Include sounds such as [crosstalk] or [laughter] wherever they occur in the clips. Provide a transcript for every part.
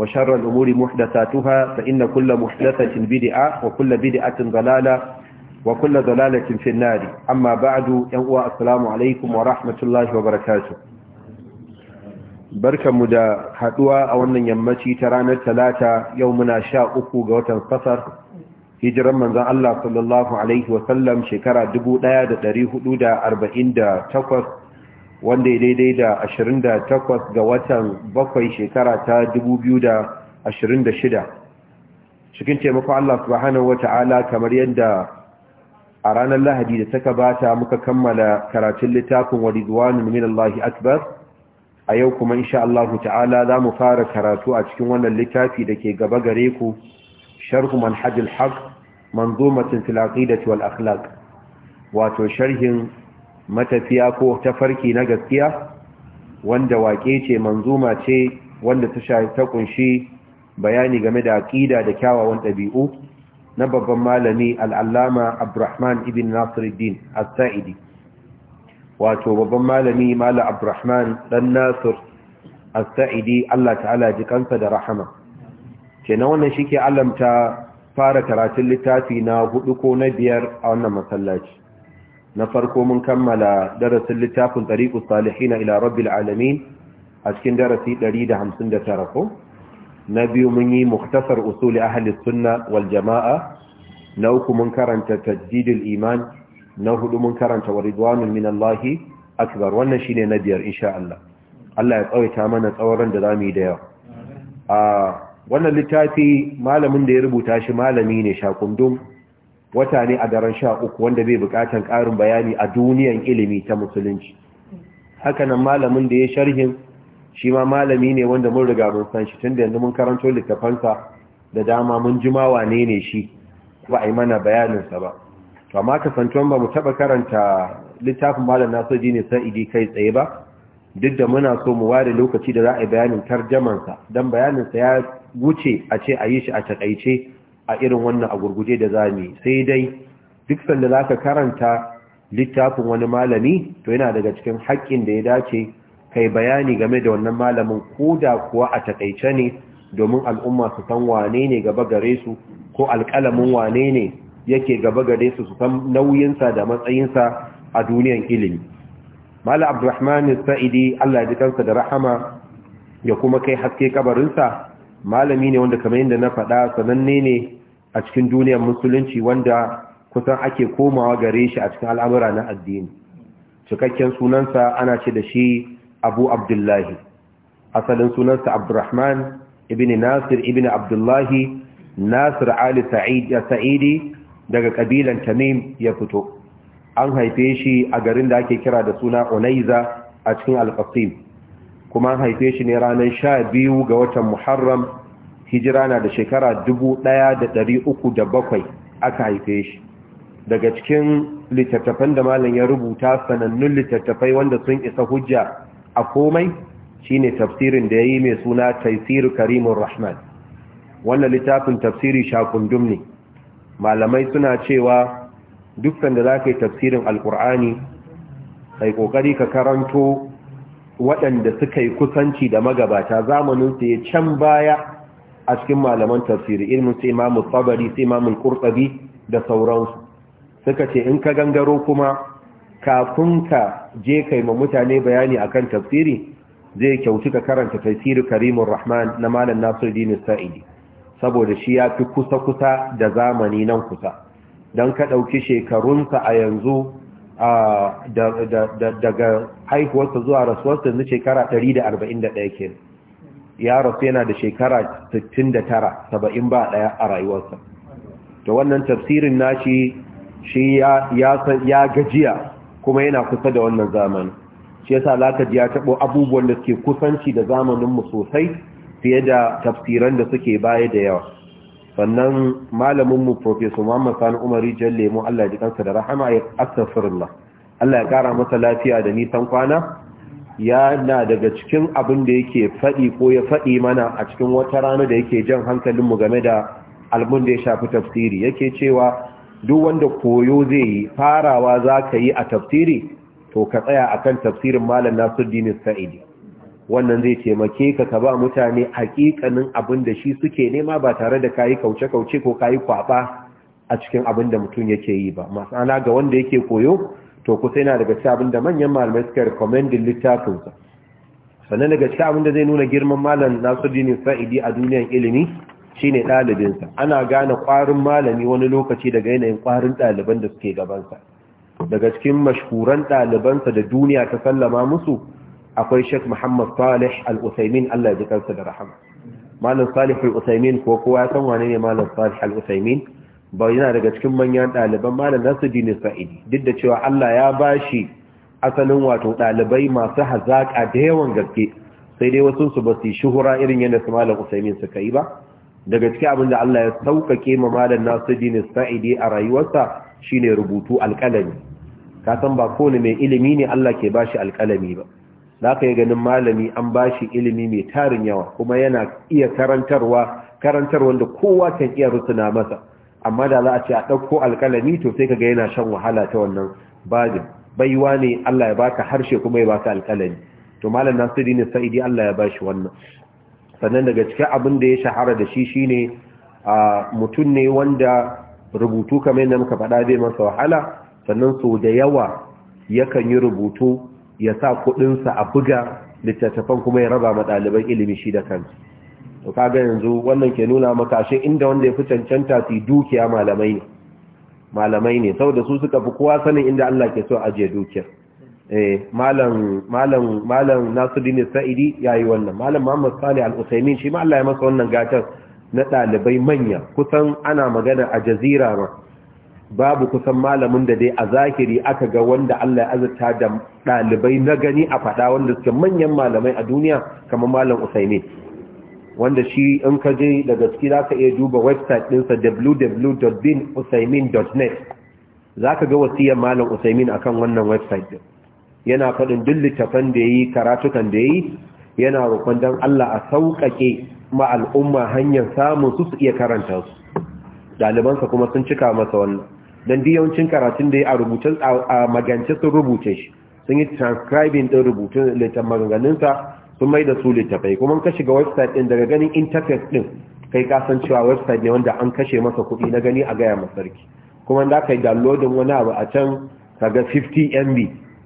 وشر الأمور محدثاتها فإن كل محدثة بدعة وكل بدعة ضلالة وكل ضلالة في النار أما بعد يوء السلام عليكم ورحمة الله وبركاته بركة مدى حدوى أولا يمتي ترانا ثلاثة يومنا شاء أكو قوتا صفر hijiran manzan Allah sallallahu Alaihi wasallam shekara 1448 wanda ya daidai da 28 ga watan bakwai shekara ta 2026 cikin taimako Allah subhanahu wata'ala kamar yadda a ranar lahadi da ta gabata muka kammala karatun littafin wa ridwanun min Allah akbar a yau kuma insha Allah ta'ala za mu fara karatu a cikin wannan littafi da ke gaba gare ku sharhu manhajul haq manzumatin fil aqidati wal akhlaq wato sharhin matafiya ko tafarki na gaskiya wanda wake ce manzuma ce wanda ta ta kunshi bayani game da aƙida da kyawawan ɗabi'u na babban malami al-Allama abdurrahman ibn nasiruddin as-sa'idi wato babban malami Malam abdurrahman Dan nasir as-sa'idi allah ta'ala ji kansa da rahama kenan wannan shi ke alamta fara karatun littafi na hudu ko na biyar a wannan masallaci na farko mun kammala darasin littafin tariqus salihina ila rabbil alamin a cikin darasi 159 ko na biyu mun yi muktasar usuli ahli sunna wal jamaa na uku mun karanta tajdidul iman na hudu mun karanta wa ridwanun min Allah akbar wannan shine na biyar insha Allah Allah ya tsawaita mana tsawaran da zamu yi da yau a wannan littafi malamin da ya rubuta shi malami ne shakundum wata ne a daren sha uku wanda bai bukatan karin bayani a duniyan ilimi ta musulunci hakanan malamin da ya sharhin shi ma malami ne wanda mun riga mun san shi tun yanzu mun karanto littafansa da dama mun jima wane ne shi ba a yi mana bayaninsa ba to amma kasantuwan ba mu taɓa karanta littafin malam nasoji ne Idi kai tsaye ba duk da muna so mu ware lokaci da za a yi bayanin tarjamansa don bayaninsa ya wuce a ce a yi shi a takaice a irin wannan a gurguje da za mu sai dai duk sanda za ka karanta littafin wani malami to yana daga cikin haƙƙin da ya dace kai bayani game da wannan malamin ko da kuwa a taƙaice ne domin al'umma su san wane ne gaba gare su ko alƙalamin wane ne yake gaba gare su su san nauyinsa da matsayinsa a duniyan ilimi mala abdurrahman sa'idi allah ji kansa da rahama ya kuma kai haske kabarinsa malami ne wanda kamar yadda na faɗa sananne ne a cikin duniyar musulunci wanda kusan ake komawa gare shi a cikin al'amura na addini cikakken sunansa ana ce da shi abu abdullahi asalin sunansa abdurrahman ibn nasir ibn abdullahi nasir ali sa'idi daga kabilan tamim ya fito an haife shi a garin da ake kira da suna onaiza a cikin alƙasim kuma an haife shi ne ranar sha biyu ga watan muharram hijira na da shekara bakwai aka haife shi daga cikin littattafan da malam ya rubuta sanannun littattafai wanda sun isa hujja a komai shine tafsirin da yayi mai suna Taisir Karimur Rahman wannan littafin tafsiri shakundum ne malamai suna cewa dukkan da ka yi tafsirin alkur'ani kai kokari ka karanto waɗanda suka yi kusanci da magabata zamanin su ya can baya a cikin malaman tafsiri ilmin sai imamu tabari sai imamu qurtubi da sauransu suka ce in ka gangaro kuma kafin ka je kai ma mutane bayani akan tafsiri zai kyautu ka karanta tafsiri karimun rahman na malam nasiruddin sa'idi saboda shi ya fi kusa kusa da zamani nan kusa don ka ɗauki shekarunsa a yanzu daga haihuwarsa zuwa rasuwarsa na shekara 141 kenan ya rasu yana da shekara 69 saba'in ba daya a rayuwarsa Da wannan tafsirin nashi shi ya gajiya kuma yana kusa da wannan zamanin. shi yasa zaka ji ya tabo abubuwan da suke kusanci da zamanin mu sosai fiye da tafsiran da suke baya da yawa sannan malamin mu professor Muhammad Sani Umari Jalle mu Allah ya ji kansa da rahama ya astaghfirullah Allah ya kara masa lafiya da nisan kwana yana daga cikin abin da yake faɗi ko ya faɗi mana a cikin wata rana da yake jan hankalinmu game da albun da ya shafi tafsiri yake cewa duk wanda koyo zai yi farawa za ka yi a tafsiri to ka tsaya a kan tafsirin malam nasiruddin sa'idi wannan zai taimake ka ka ba mutane hakikanin abin da shi suke nema ba tare da ka yi kauce-kauce ko ka yi kwaɓa a cikin abin da mutum yake yi ba masana ga wanda yake koyo to kusa yana daga cikin abin da manyan malamai suka recommendin littafinsa sannan daga cikin abin da zai nuna girman malam nasuddin sa'idi a duniyar ilimi shine ɗalibinsa ana gane kwarin malami wani lokaci daga yanayin kwarin ɗaliban da suke gabansa daga cikin mashhuran ɗalibansa da duniya ta sallama musu akwai Sheikh Muhammad Salih al uthaymeen Allah ya ji kansa da rahama Malam Salih al uthaymeen ko kowa ya san wane ne Malam Salih al uthaymeen ba yana daga cikin manyan ɗaliban malam Nasiruddin Sa'idi duk da cewa Allah ya ba shi asalin wato ɗalibai masu hazaƙa da yawan gaske sai dai wasu su ba su shuhura irin yadda su malam Usaimin suka yi ba daga cikin abin da Allah ya sauƙaƙe ma malam Nasiruddin Sa'idi a rayuwarsa shine rubutu alƙalami ka san ba kowane mai ilimi ne Allah ke bashi alƙalami ba za ka yi ganin malami an bashi ilimi mai tarin yawa kuma yana iya karantarwa karantar wanda kowa kan iya rusuna masa amma da za a ce a ɗauko alƙalami to sai ga yana shan wahala ta wannan bajin baiwa ne Allah ya baka harshe kuma ya baka alƙalami to malam Nasiru ne Sa'idi Allah ya bashi wannan sannan daga cikin abin da ya shahara da shi shine mutum ne wanda rubutu kamar yadda muka faɗa zai masa wahala sannan so da yawa yakan yi rubutu ya sa kuɗinsa a buga littattafan kuma ya raba ma ɗaliban ilimi shi da kansu to kaga yanzu wannan ke nuna maka shi inda wanda ya fi cancanta su dukiya malamai ne malamai ne saboda su suka fi kowa sanin inda Allah ke so ajiye dukiya eh malam malam malam Nasiruddin Sa'idi yayi wannan malam Muhammad Salih Al-Utsaimin shi ma Allah ya masa wannan gatar na dalibai manya kusan ana magana a jazira ma babu kusan malamin da dai a zahiri aka ga wanda Allah ya azurta da dalibai na gani a fada wanda suke manyan malamai a duniya kamar malam usaini. wanda shi in ka je da gaske za ka iya duba website ɗinsa www.binusaimin.net za ka ga wasiyar malam usaimin kan wannan website ɗin yana faɗin duk littafan da ya yi karatukan da ya yi yana roƙon don Allah a sauƙaƙe ma hanyar samun su su iya karanta su ɗalibansa kuma sun cika masa wannan don yawancin karatun da ya a rubuce a magance sun rubuce shi sun yi transcribing ɗin rubutun littafin maganganunsa sun mai da su littafai kuma kashe shiga website din daga ganin interface din kai kasan cewa website ne wanda an kashe masa kuɗi na gani a gaya sarki. kuma da ka yi downloading wani abu a can kaga 50 MB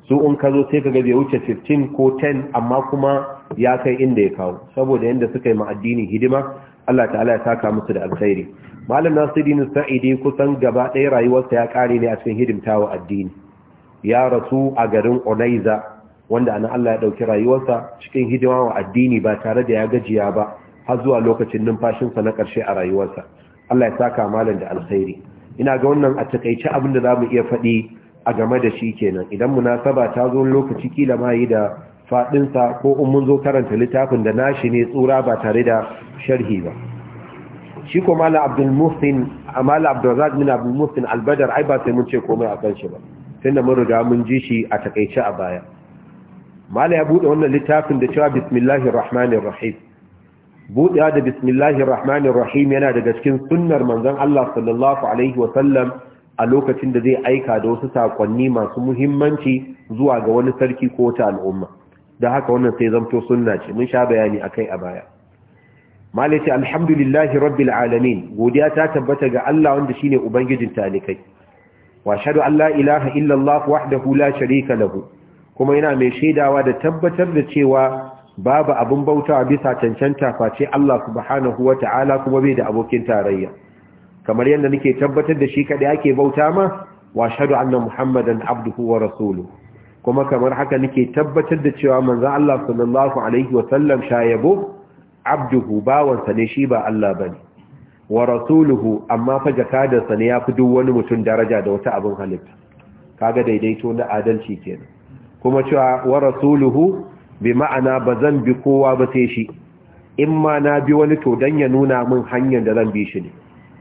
su in ka zo sai kaga bai wuce 15 ko 10 amma kuma ya kai inda ya kawo saboda yanda suka yi ma'addinin hidima Allah ta'ala ya saka musu da alkhairi malam nasiruddin sa'idi kusan gaba ɗaya rayuwarsa ya ƙare ne a cikin hidimtawa addini ya rasu a garin onaiza wanda ana Allah ya dauki rayuwarsa cikin hidima wa addini ba tare da ya gajiya ba har zuwa lokacin numfashinsa na ƙarshe a rayuwarsa Allah ya saka malam da alkhairi ina ga wannan a takeice abin da za mu iya faɗi a game da shi kenan idan munasaba ta zo lokaci kila ma yi da fadin ko in mun zo karanta littafin da nashi ne tsura ba tare da sharhi ba shi ko malam Abdul Muhsin malam Abdul Razak min Abdul Muhsin Albadar ai ba sai mun ce komai a kan shi ba tunda mun riga mun ji shi a takeice a baya mala ya bude wannan littafin da cewa bismillahir rahmanir rahim budewa da bismillahir rahmanir rahim yana daga cikin sunnar manzon Allah sallallahu alaihi wa sallam a lokacin da zai aika da wasu sakonni masu muhimmanci zuwa ga wani sarki ko ta al'umma da haka wannan sai zamto sunna ce mun sha bayani akai a baya malaci alhamdulillahi rabbil alamin godiya ta tabbata ga Allah wanda shine ubangijin talikai wa shahadu an la ilaha illallah wahdahu la sharika lahu kuma yana mai shaidawa da tabbatar da cewa babu abin bautawa bisa cancanta face Allah subhanahu wa ta'ala kuma bai da abokin tarayya kamar yadda nake tabbatar da shi kaɗai ake bauta ma wa shaɗu annan muhammadan abduhu wa Rasuluhu. kuma kamar haka nake tabbatar da cewa manzan Allah sallallahu alaihi wasallam shayabo abduhu bawansa ne shi ba Allah ba ne wa rasuluhu amma fa jakadarsa ne ya fi duk wani mutum daraja da wata abin halitta kaga daidaito na adalci kenan kuma cewa wa rasuluhu bi ma'ana ba zan bi kowa ba sai shi in ma na bi wani to dan ya nuna min hanyar da zan bi shi ne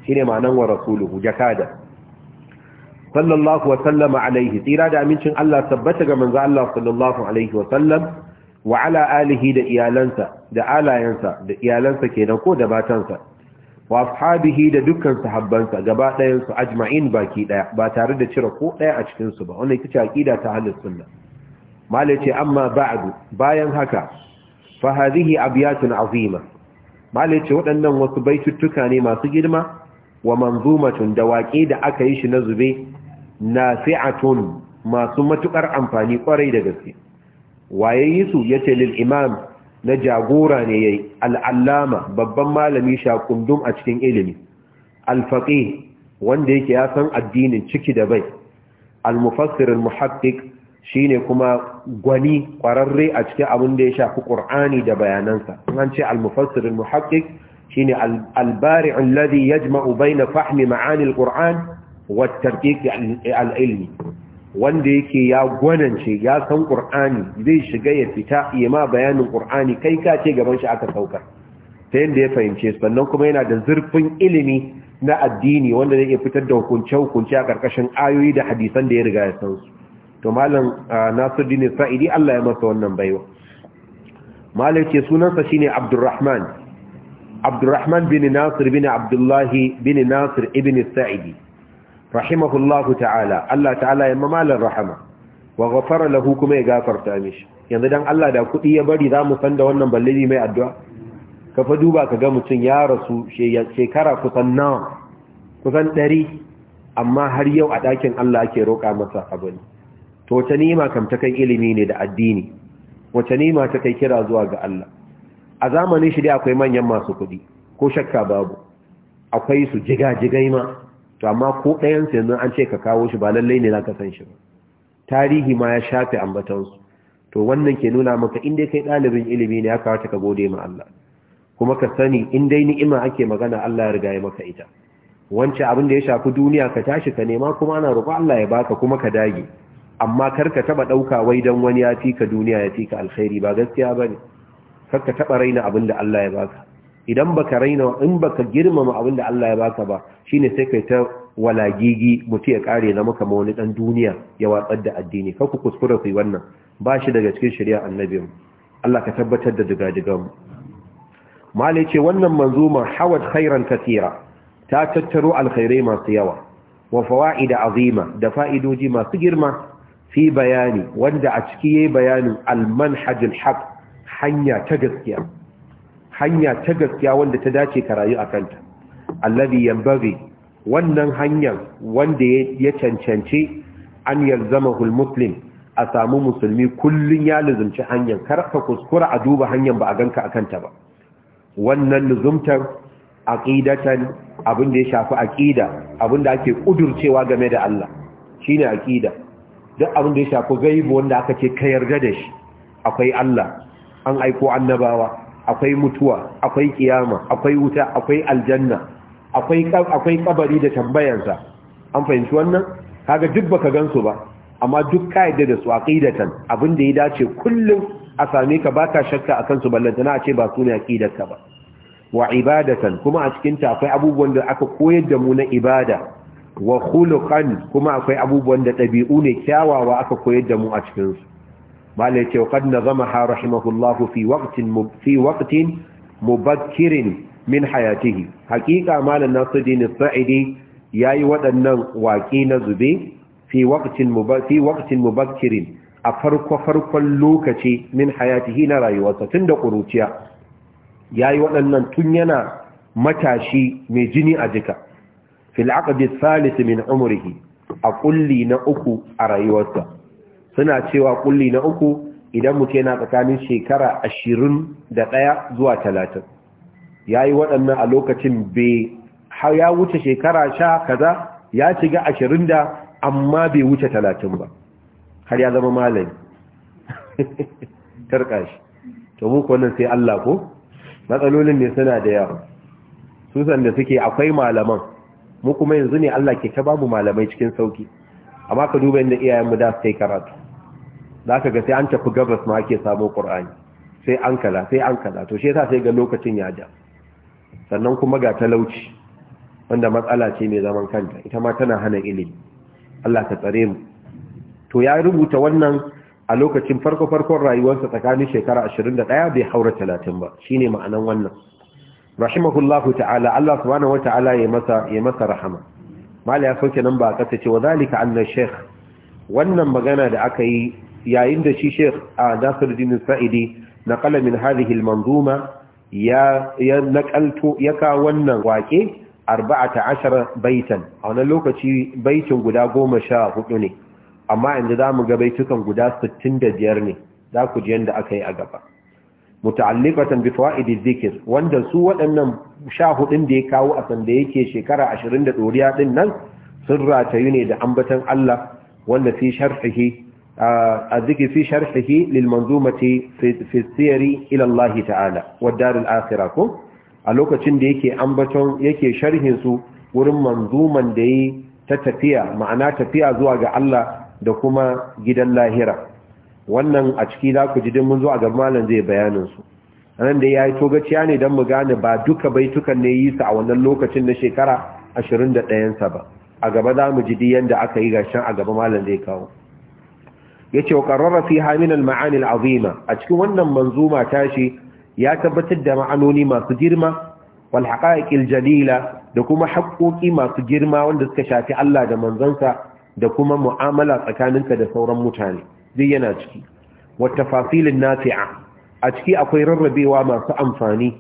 shine ma'anan wa rasuluhu jakada sallallahu wa sallama alaihi tsira da amincin Allah tabbata ga manzo Allah sallallahu alaihi wa sallam wa ala alihi da iyalansa da alayansa da iyalansa kenan ko da batansa wa ashabihi da dukkan sahabbansa gaba ɗayan su ajma'in baki ɗaya ba tare da cire ko ɗaya a cikin su ba wannan ita ce aqida ta ahlus sunna malai ce amma ba'du bayan haka fa hadhihi abyatun azima malai ce waɗannan wasu baituttuka ne masu girma wa manzumatun da waƙe da aka yi shi na zube na nafi'atun masu matuƙar amfani kwarai da gaske waye yi su yace lil imam na jagora ne yayi al'allama babban malami shakundum a cikin ilimi Alfaƙi, wanda yake ya san addinin ciki da bai al-mufassir shine kuma gwani kwararre a cikin abin da ya shafi ƙur'ani da bayanansa an ce al-mufassir al shine al-bari' alladhi yajma'u baina fahmi ma'ani al-qur'an wa at al-ilmi wanda yake ya gwanance ya san qur'ani zai shiga ya fita ya ma bayanin qur'ani kai ka ce gaban shi aka saukar ta yadda ya fahimce sannan kuma yana da zurfin ilimi na addini wanda zai iya fitar da hukunce-hukunce a ƙarƙashin ayoyi da hadisan da ya riga ya san su to malam nasuddin sa'idi Allah ya masa wannan baiwa malam ce sunansa shine abdurrahman abdurrahman bin nasir bin abdullahi bin nasir ibn sa'idi rahimahullahu ta'ala Allah ta'ala ya mamalan rahama wa ghafara lahu kuma ya gafarta mishi yanzu dan Allah da kudi ya bari zamu san da wannan ballili mai addu'a ka fa duba ka ga mutun ya rasu shekara kusan nawa kusan 100 amma har yau a dakin Allah ake roƙa masa abin to wace Nima kam ta kai ilimi ne da addini wace Nima ta kai kira zuwa ga Allah a zamanin shi dai akwai manyan masu kuɗi ko shakka babu akwai su jiga-jigai ma to amma ko ɗayan su yanzu an ce ka kawo shi ba lallai ne zaka san shi ba tarihi ma ya shafe ambatansu to wannan ke nuna maka in dai kai ɗalibin ilimi ne ya kawata ka gode ma Allah kuma ka sani in dai ni'ima ake magana Allah ya riga ya maka ita wancan abin da ya shafi duniya ka tashi ka nema kuma ana roƙo Allah ya baka kuma ka dage amma karka taba dauka wai dan wani ya fi ka duniya ya fi ka alkhairi ba gaskiya bane karka taba raina abin da Allah ya baka idan baka raina in baka girmama abin da Allah ya baka ba shine sai kai ta walagigi mutu ya kare na maka ma wani dan duniya ya watsar da addini kar ku kuskura ku yi wannan ba shi daga cikin shari'a annabin Allah ka tabbatar da digadigan mu malai ce wannan manzuma hawad khairan katira ta tattaro alkhairai masu yawa wa fawaida azima da fa'idoji masu girma fi bayani wanda a ciki yayi bayanin al-manhajul haq hanya ta gaskiya hanya ta gaskiya wanda ta dace ka rayu akanta alladhi yanbaghi wannan hanyar wanda ya cancanci an yalzamahu al-muslim a samu musulmi kullun ya luzumci hanyar karka kuskura a duba hanyar ba a ganka akanta ba wannan luzumtar aqidatan abin da ya shafi aqida abin da ake kudurcewa game da Allah shine aqida duk abin da ya shafi gaibu wanda aka ce ka yarda da shi akwai Allah an aiko annabawa akwai mutuwa akwai kiyama akwai wuta akwai aljanna akwai akwai kabari da tambayansa an fahimci wannan kaga duk baka gansu ba amma duk ka yarda da su aqidatan abin da ya dace kullum a same ka baka shakka akan su ballanta a ce ba su aqidarka ba wa ibadatan kuma a cikin ta akwai abubuwan da aka koyar da mu na ibada wa khuluqan kuma akwai abubuwan da ɗabi'u ne kyawawa aka koyar da mu a cikin su malai ce qad nazama ha rahimahullahu fi waqtin fi waqtin mubakkirin min hayatihi haqiqa malan nasuddin sa'idi yayi waɗannan waƙi na zube fi waqtin fi waqtin mubakkirin a farko farkon lokaci min hayatihi na rayuwarsa tunda ƙuruciya yayi waɗannan tun yana matashi mai jini a jika fil aqdi thalith min umrihi a kulli na uku a rayuwarsa suna cewa kulli na uku idan mutum yana tsakanin shekara ashirin da ɗaya zuwa talatin yayi yi waɗannan a lokacin bai har ya wuce shekara sha kaza ya shiga ashirin da amma bai wuce talatin ba har ya zama malami karka [laughs] shi to kuwa nan sai Allah ko matsalolin ne suna da yawa susan da suke akwai malaman mu kuma yanzu ne Allah ke ta babu malamai cikin sauki amma ka duba inda iyayenmu da su yi karatu za ka ga sai an tafi gabas ma ake samu ƙur'ani sai an kaza sai an kaza to shi yasa sai ga lokacin ya ja sannan kuma ga talauci wanda matsala ce mai zaman kanta ita ma tana hana ilimi Allah ta tsare mu to ya rubuta wannan a lokacin farko-farkon rayuwarsa tsakanin shekara 21 bai haura 30 ba shine ma'anan wannan rahimahullahu ta'ala Allah subhanahu wata'ala ya masa ya masa rahama Mali ya sauke nan ba kasa ce wa zalika anna sheikh wannan magana da aka yi yayin da shi sheikh a Nasiruddin Sa'idi naqala min hadhihi al-manzuma ya ya naqalto ya ka wannan wake 14 baitan a wannan lokaci baitin guda 14 ne amma inda zamu ga baitukan guda 65 ne za ku ji yanda aka yi a gaba muta'alliqatan bi fawaidi dhikr wanda su waɗannan sha hudun da ya kawo a sanda yake shekara ashirin da doriya din nan sun ratayu ne da ambatan Allah wanda fi sharhihi a zikir fi sharhihi lil manzumati fi ila Allah ta'ala wa darul akhirah ko a lokacin da yake ambaton yake sharhin su wurin manzuman da yi ta tafiya ma'ana tafiya zuwa ga Allah da kuma gidan lahira wannan a ciki za ku ji din mun zo a gaban malam zai bayanin su nan da yi togaciya ne dan mu gane ba duka baitukan ne yi su a wannan lokacin na shekara 21 ba a gaba za mu ji diyanda aka yi gashin a gaba malam zai kawo yace wa qarrara fi hamin al ma'ani al azima a cikin wannan manzuma tashi ya tabbatar da ma'anoni masu girma wal haqa'iqil jalila da kuma haƙoƙi masu girma wanda suka shafi Allah da manzansa da kuma mu'amala tsakaninka da sauran mutane duk yana ciki wata fasilin nafi'a a ciki akwai rarrabewa masu amfani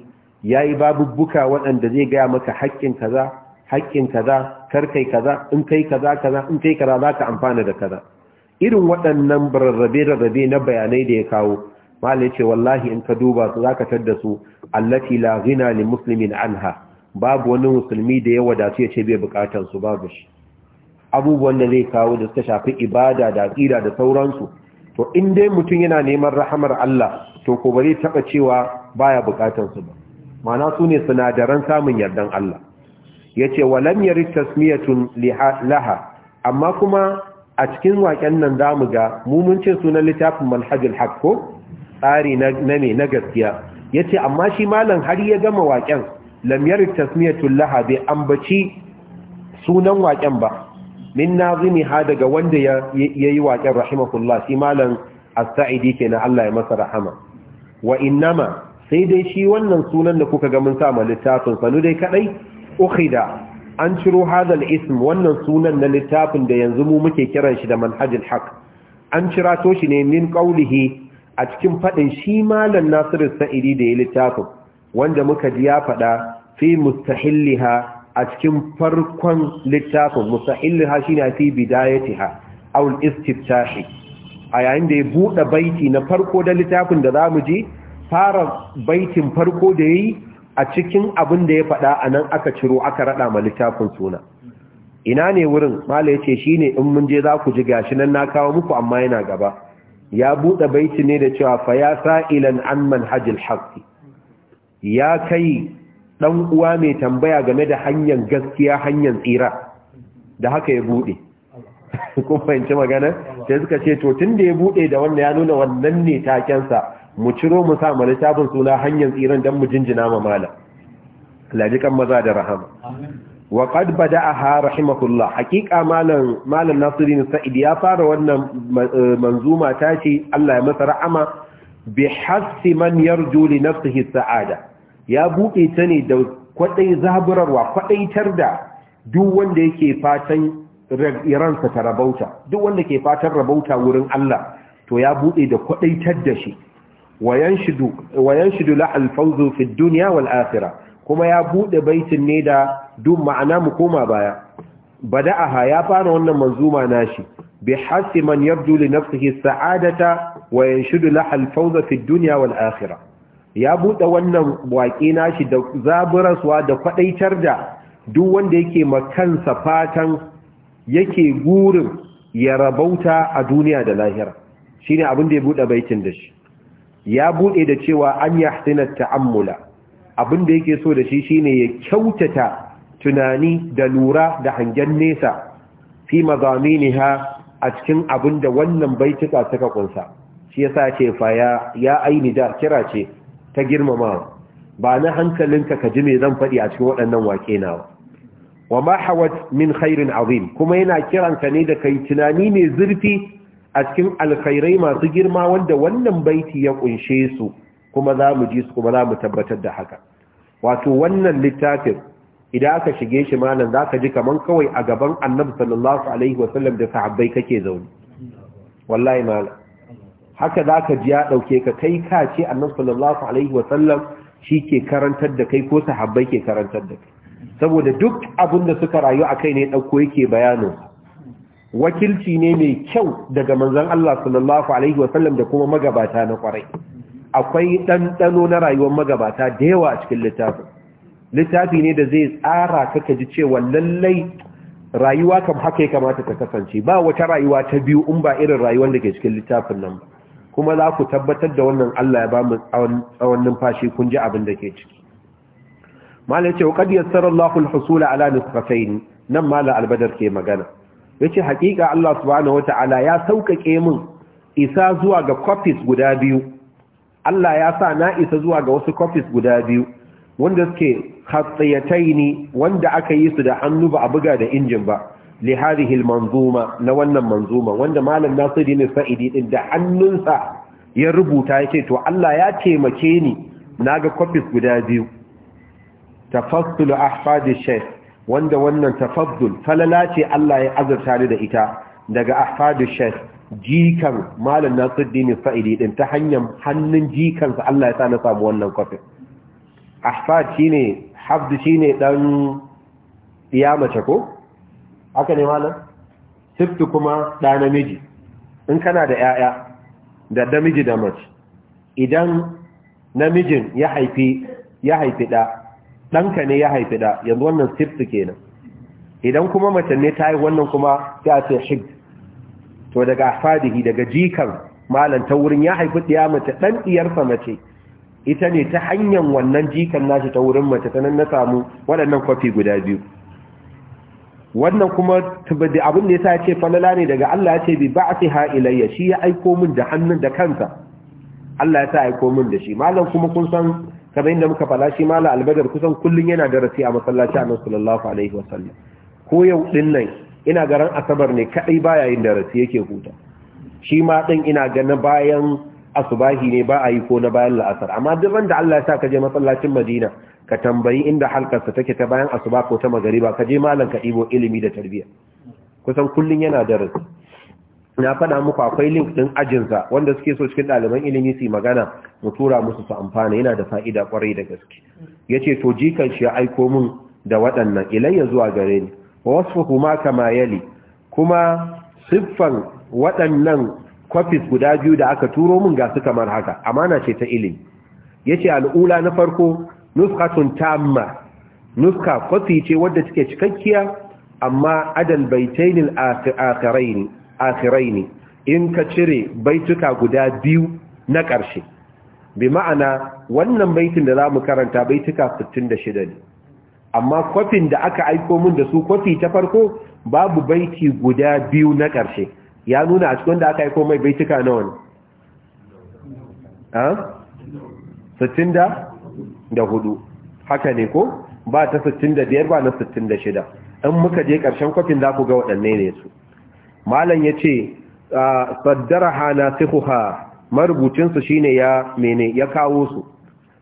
yayi babubbuka waɗanda zai gaya maka haƙƙin kaza haƙƙin kaza karkai kaza in kai kaza kaza in kai kaza za ka amfana da kaza irin waɗannan rarrabe rarrabe na bayanai da ya kawo malai ce wallahi in ka duba su ka tadda su allati la ghina ne muslimin anha babu wani musulmi da ya wadatu ya ce bai bukatar su babu shi abubuwan da zai kawo da suka shafi ibada da tsira, da sauransu to in dai mutum yana neman rahamar Allah to ko bari zai taba cewa baya bukatar su ba mana su ne sinadaran samun yardan Allah yace walam yarid tasmiyatun laha amma kuma a cikin waken nan zamu ga mu mun ce sunan littafin manhajul haqq tsari na me na gaskiya yace amma shi malam har ya gama waken lam yarid tasmiyatun laha bai ambaci sunan waken ba min nazimi ha daga wanda ya yi waƙen rahimahullah shi malam as-sa'idi kenan Allah ya masa rahama wa innama sai dai shi wannan sunan da kuka ga mun sa littafin sanu dai kadai ukhida an ciro hadal ism wannan sunan na littafin da yanzu mu muke kiran shi da manhajul haq an cira shi ne min qaulihi a cikin fadin shi malam Nasiru Sa'idi da ya littafin wanda muka ji ya fada fi mustahilliha a cikin farkon littafin Musa'il ha shine fi bidayatiha ha al-istiftahi a yayin da ya buɗe baiti na farko da littafin da za mu ji fara baitin farko da ya yi, a cikin abin da ya faɗa a nan aka ciro aka raɗa ma littafin suna ina ne wurin mala shi ne in mun je za ku ji gashi nan na kawo muku amma yana gaba ya buɗe baiti ne da cewa fa ya sa'ilan an manhajil haqqi ya kai Ɗan uwa mai tambaya game da hanyar gaskiya hanyar tsira da haka ya buɗe [laughs] kun fahimci magana sai suka ce to tun da ya buɗe da wannan ya nuna wannan ne takensa mu ciro mu sa mu littafin suna hanyar tsiran don mu jinjina ma mala lajikan maza da rahama wa qad ha rahimakullah haqiqa malam malam nasirin sa'id ya fara wannan eh, manzuma ta ce Allah ya masa rahama bi juli man yarju li nafsihi sa'ada ya buɗe ta ne da kwaɗai zaburarwa kwaɗaitar da duk wanda yake fatan ta rabauta duk wanda ke fatan rabauta wurin Allah to ya buɗe da kwaɗaitar da shi wayan shidu la'al fawzu fi duniya wal kuma ya buɗe baitin ne da duk ma'ana mu koma baya bada'aha ya fara wannan manzuma nashi bi hasi man yabdu li nafsihi sa'adata wayan shidu lahal fawza fi dunya wal akhirah ya buɗe wannan waƙe nashi da zaburaswa da kwaɗaitar da duk wanda yake makansa fatan yake gurin ya rabauta a duniya da lahira shi ne abin da ya buɗe baitin da shi ya buɗe da cewa an yi hasinar ta'ammula abin da yake so da shi shi ne ya kyautata tunani da lura da hangen nesa fi ne ha a cikin abin da wannan baitika suka kunsa shi ya sa ce fa ya aini da kira ce ta girmamawa ba na hankalinka ka ji me zan faɗi a cikin waɗannan wake na wa ma hawat min khairin azim kuma yana kiranka ne da kai tunani mai zurfi a cikin alkhairai masu girma wanda wannan baiti ya kunshe su kuma za mu ji su kuma za mu tabbatar da haka wato wannan littafin idan aka shige shi malam za ka ji kamar kawai a gaban annabi sallallahu alaihi wasallam da sahabbai kake zaune wallahi malam haka za ka ji ya ɗauke ka kai ka ce annan sallallahu alaihi wasallam shi ke karantar da kai ko sahabbai ke karantar da kai saboda duk abin da suka rayu a kai ne ɗauko yake bayano wakilci ne mai kyau daga manzan Allah sallallahu alaihi wasallam da kuma magabata na kwarai akwai ɗanɗano na rayuwar magabata da yawa a cikin littafin littafi ne da zai tsara kaka ji cewa lallai rayuwa kam haka ya kamata ta kasance ba wata rayuwa ta biyu in ba irin rayuwar da ke cikin littafin nan ba kuma za ku tabbatar da wannan Allah ya ba mu tsawon numfashi kun ji abin da ke ciki mala yace wa ƙadiyar yassara Allahu al-husula ala nisfatayn nan mala al ke magana Ya ce haƙiƙa Allah subhanahu ya sauƙaƙe min isa zuwa ga kofis guda biyu Allah ya sa na isa zuwa ga wasu kofis guda biyu wanda suke ni wanda aka yi su da hannu ba a buga da injin ba li hadhihi al-manzuma na wannan manzuma wanda malam Nasiruddin Sa'idi din da hannunsa ya rubuta yake to Allah ya taimake ni ga copies guda biyu tafassul ahfad ash-shaykh wanda wannan tafaddul falala ce Allah ya azurta ni da ita daga ahfad ash jikan malam Nasiruddin Sa'idi din ta hanyar hannun jikansa Allah ya sa na samu wannan copy ahfad shine habd shine dan iya mace ko haka ne malam siftu kuma ɗa namiji in kana da 'ya'ya da namiji da mace idan namijin ya haifi ya haifi ɗa ɗanka ne ya haifi ɗa yanzu wannan siftu kenan idan kuma mace ne ta yi wannan kuma ya ce shig to daga fadihi daga jikan malam ta wurin ya haifi ɗiya mace ɗan ɗiyarsa mace ita ne ta hanyar wannan jikan nashi ta wurin mace ta nan na samu waɗannan kwafi guda biyu wannan kuma abin da yasa ce falala ne daga Allah ya ce bi ba'tiha ilayya shi ya aiko min da hannun da kansa Allah ya sa aiko min da shi malam kuma kun san kaba inda muka fala shi malam albadar kusan kullun yana da darasi a masallaci Annabi sallallahu alaihi wasallam ko yau din nan ina garan asabar ne kadai baya yin darasi yake huta shi ma din ina ganin bayan asubahi ne ba a yi ko na bayan la'asar amma duk da Allah ya sa ka je masallacin Madina ka tambayi inda halkarsa take ta bayan asuba ko ta magariba ka je malam ka ɗibo ilimi da tarbiyya kusan kullun yana darasi na faɗa muku akwai link ɗin sa, wanda suke so cikin ɗaliban ilimi su magana mu tura musu su amfana yana da fa'ida kwarai da gaske ya ce to jikan shi ya aiko mun da waɗannan ilayya zuwa gare ni wa wasu kuma kama yali kuma siffan waɗannan kwafis guda biyu da aka turo mun ga su kamar haka amana ce ta ilimi yace al'ula na farko nuskatun tamma nuska kwafi ce wadda take cikakkiya amma adal baitainil akhiraini in ka cire baituka guda biyu na ƙarshe bi ma'ana wannan baitin da za mu karanta baituka 66 ne amma kwafin da aka aiko mun da su kwafi ta farko babu baiti guda biyu na ƙarshe ya nuna a cikin da aka aiko mai baituka nawa ne? da hudu haka ne ko ba ta 65 ba na 66 in muka je ƙarshen kwafin za ku ga waɗanne ne su malam ya ce saddara hana sihuha marubucinsu shi ne ya mene ya kawo su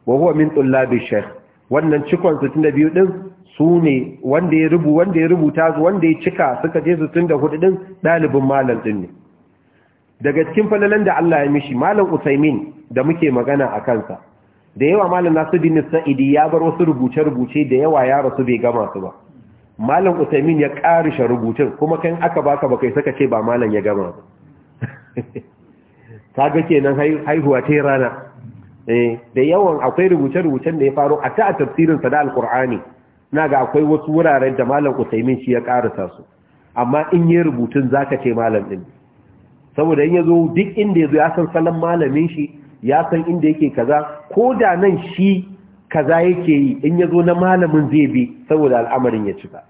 wa min tsullabi shek wannan cikon 62 ɗin su ne wanda ya rubu wanda ya rubuta su wanda ya cika suka je 64 ɗin ɗalibin malam ɗin ne daga cikin falalan da Allah ya mishi malam usaimin da muke magana a kansa da yawa malam na sa'idi ya bar wasu rubuce-rubuce da yawa ya rasu bai gama su ba malam usaimin ya karishe rubutun kuma kan aka baka baka yi saka ce ba malam ya gama ba [laughs] ke kenan haihuwa ta rana eh, da yawan akwai rubuce-rubucen da ya faru a ta a tafsirin sa da alkur'ani na ga akwai wasu wuraren da malam usaimin shi ya karisa su amma in yi rubutun za ka ce malam din saboda in ya zo duk inda ya zo ya san salon malamin shi ya san inda yake kaza ko da nan shi kaza yake yi in ya zo na malamin zai bi saboda al'amarin ya cika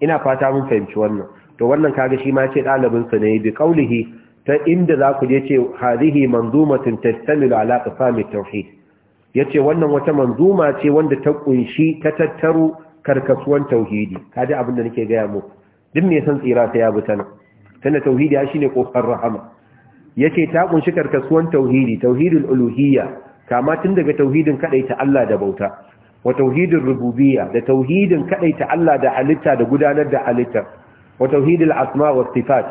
ina fata mun fahimci wannan to wannan kaga shi ma ce ɗalibinsa ne bi kaulihi ta inda za ku je ce hadihi manzumatun alaƙa ala tauhi. tauhid yace wannan wata manzuma ce wanda ta ƙunshi ta tattaro karkasuwan tauhidi kaji abin da nake gaya mu. duk me san tsira ta ya bi tana tauhidi ya ne kofar rahama ce ta kunshi karkasuwan tauhidi tauhidul uluhiyya kama tun daga tauhidin kadaita Allah da bauta wa tauhidin rububiyya da tauhidin kadaita Allah da halitta da gudanar da halitta wa tauhidul asma wa sifat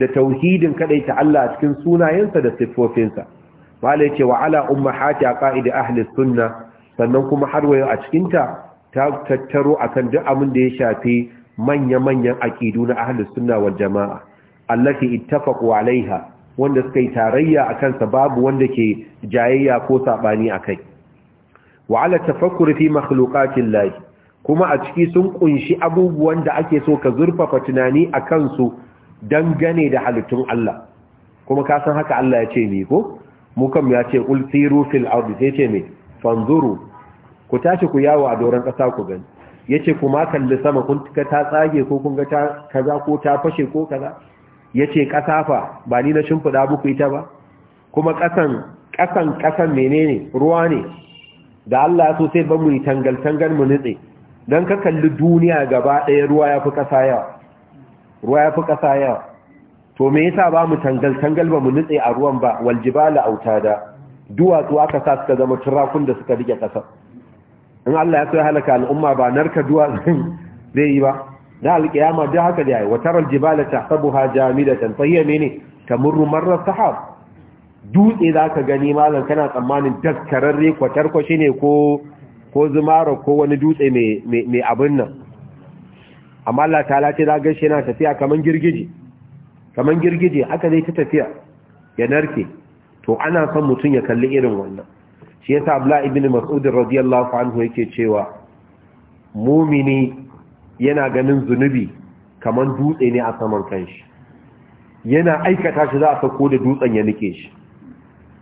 da tauhidin kadaita Allah cikin sunayensa da siffofinsa malai ce wa ala ummahati aqaid ahli sunna sannan kuma har wayo a cikin ta ta tattaro akan duk abin da ya shafi manya-manyan aqidu na ahli sunna wal jamaa allati ittafaqu alaiha wanda suka yi tarayya a kansa babu wanda ke jayayya ko saɓani a kai wa ala tafakkur fi makhluqatin lahi kuma a ciki sun kunshi abubuwan da ake so ka zurfafa tunani a kansu don gane da halittun Allah kuma ka san haka Allah ya ce me ko Mukam ya ce qul siru fil sai ce me fanzuru ku tashi ku yawo a doron ƙasa ku gani ce kuma kalli sama kun ka ta tsage ko kun ga ta kaza ko ta fashe ko kaza ya ce ƙasafa ba ni na shimfiɗa buku ita ba kuma ƙasan ƙasan ƙasan menene ruwa ne da Allah so sai ba mu yi tangal-tangal mu nutse don ka kalli duniya gaba ɗaya ruwa ya fi ƙasa yawa ruwa ya fi ƙasa yawa to me yasa ba mu tangal-tangal ba mu nutse a ruwan ba waljibala autada duwatsu aka sa suka zama turakun da suka rike ƙasa in Allah ya so ya halaka al'umma ba narka duwatsun [laughs] zai yi ba da alƙiyama da haka da yayi sabu jibala jamida tan fa hiya mene tamurru marra sahab dutse zaka gani malam kana tsammanin daskararre kwatar ko ne ko ko zumara ko wani dutse mai mai abin nan amma Allah ta'ala ce da gashi yana tafiya kaman girgije kaman girgije aka dai ta tafiya ya narke to ana son mutum ya kalli irin wannan shi yasa abla ibn Mas'ud radiyallahu anhu yake cewa mumini yana ganin zunubi kamar dutse ne a saman kanshi yana aikata shi za a sako da dutsen ya nike shi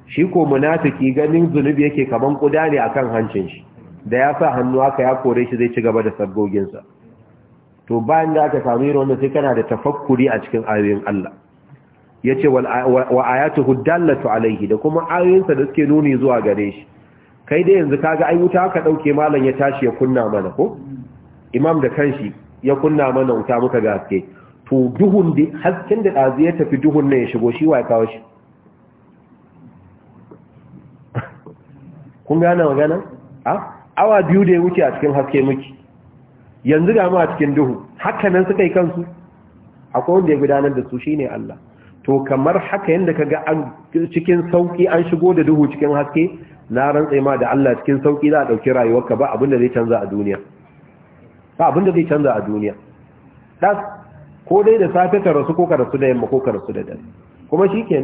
shi ko munafiki ganin zunubi yake kamar kuda ne akan hancin shi da ya sa hannu aka ya kore shi zai ci gaba da sabgoginsa to bayan da aka sami irin wannan sai kana da tafakkuri a cikin ayoyin Allah Ya ce wa ayatu dallatu alaihi da kuma ayoyinsa da suke nuni zuwa gare shi kai dai yanzu kaga ai wuta aka dauke malam ya tashi ya kunna mana ko imam da kanshi ya kunna mana wuta muka ga haske to duhun da hasken da ɗazu ya tafi duhun nan ya shigo shi wa ya kawo shi kun gane magana a awa biyu da ya wuce a cikin haske muke yanzu ga mu a cikin duhu haka nan suka yi kansu akwai wanda ya gudanar da su shine Allah to kamar haka yanda kaga an cikin sauki an shigo da duhu cikin haske na rantsa ma da Allah cikin sauki za a dauki rayuwarka ba abinda zai canza a duniya ba abin da zai canza a duniya ɗas ko dai da safe ka rasu ko ka rasu da yamma ko ka rasu da dare kuma shi ke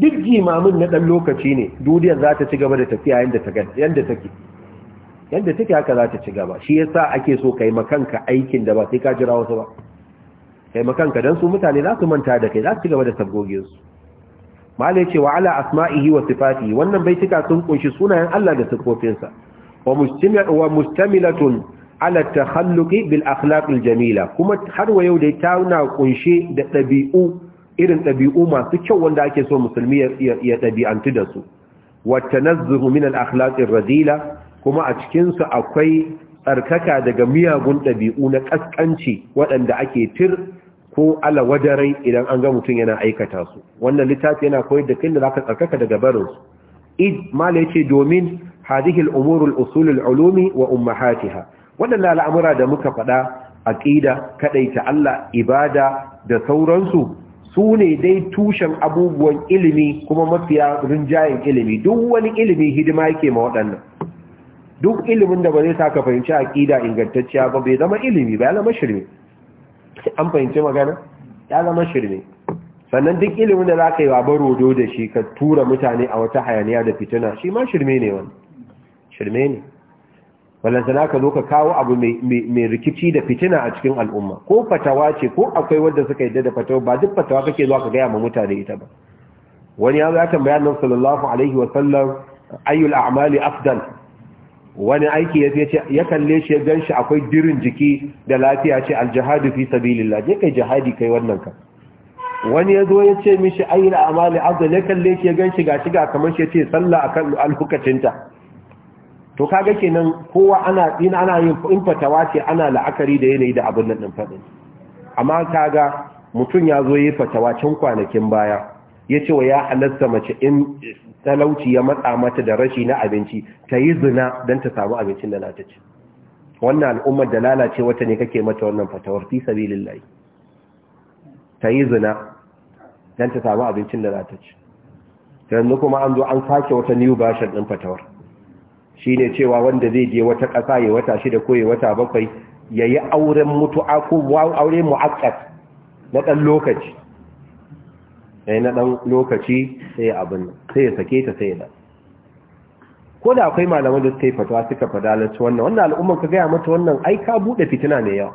duk jimamin na ɗan lokaci ne duniyar za ta ci gaba da tafiya yadda take yadda take haka za ta ci gaba shi yasa ake so kai makanka aikin da ba sai ka jira wasu ba kai makanka don su mutane za su manta da kai za su ci gaba da su mala ya ce wa ala asma'ihi wa sifatihi wannan baituka sun kunshi sunayen Allah da sifofinsa wa mustamilatun ala takhalluqi bil akhlaqil jamila kuma har wa yau da ta na kunshe da dabi'u irin dabi'u masu kyau wanda ake so musulmi ya dabi'antu da su wa tanazzuhu min al akhlaqir radila kuma a cikin su akwai tsarkaka daga miyagun dabi'u na kaskanci waɗanda ake tir ko ala wadarai idan an ga mutum yana aikata su wannan littafi yana koyar da kinda zaka tsarkaka daga barin su id mala yace domin hadhihi al umur al usul al ulumi wa ummahatiha waɗanda al'amura da muka faɗa a ƙida kaɗaita Allah ibada da sauransu su ne dai tushen abubuwan ilimi kuma mafiya rinjayen ilimi duk wani ilimi hidima yake ma waɗannan duk ilimin da ba zai sa ka fahimci a ƙida ingantacciya ba bai zama ilimi ba ya zama shirme an fahimci magana ya zama shirme sannan duk ilimin da za ka yi wa barodo da shi ka tura mutane a wata hayaniya da fitina shi ma shirme ne wani shirme ne balantana ka zo ka kawo abu mai rikici da fitina a cikin al'umma ko fatawa ce ko akwai wanda suka yadda da fatawa ba duk fatawa kake zuwa ka gaya ma mutane ita ba wani ya zata ya nan sallallahu alaihi wa sallam ayyul a'mali afdal wani aiki ya ce ya kalle shi ya ganshi akwai dirin jiki da lafiya ce aljihadu fi sabilillah je kai jihadi kai wannan ka wani ya zo ya ce mishi ayyul a'mali afdal ya kalle shi ya ganshi gashi ga kamar shi ya ce sallah akan alhukacinta to kaga kenan kowa ana in ana yin in fatawa ce ana la'akari da yanayi da abin nan din fadin amma kaga mutum ya zo yi fatawa can kwanakin baya ya ce wa ya halatta mace in talauci ya matsa mata da rashi na abinci ta yi zina don ta samu abincin da ta ci wannan al'ummar da lalace wata ne kake mata wannan fatawar fi sabilillahi ta yi zina don ta samu abincin da ta ci yanzu kuma an zo an sake wata new version din fatawar Shi ne cewa wanda zai je wata ƙasa ya wata shida ko ya wata bakwai ya yi auren mutu'a ko aure mu'akkat eh, na ɗan lokaci sai na ɗan lokaci sai abin sai ya sake ta sai da ko da akwai malaman da suka yi fatuwa suka fadalarci wannan wannan al'ummar ka gaya mata wannan ai ka buɗe fitina ne yawa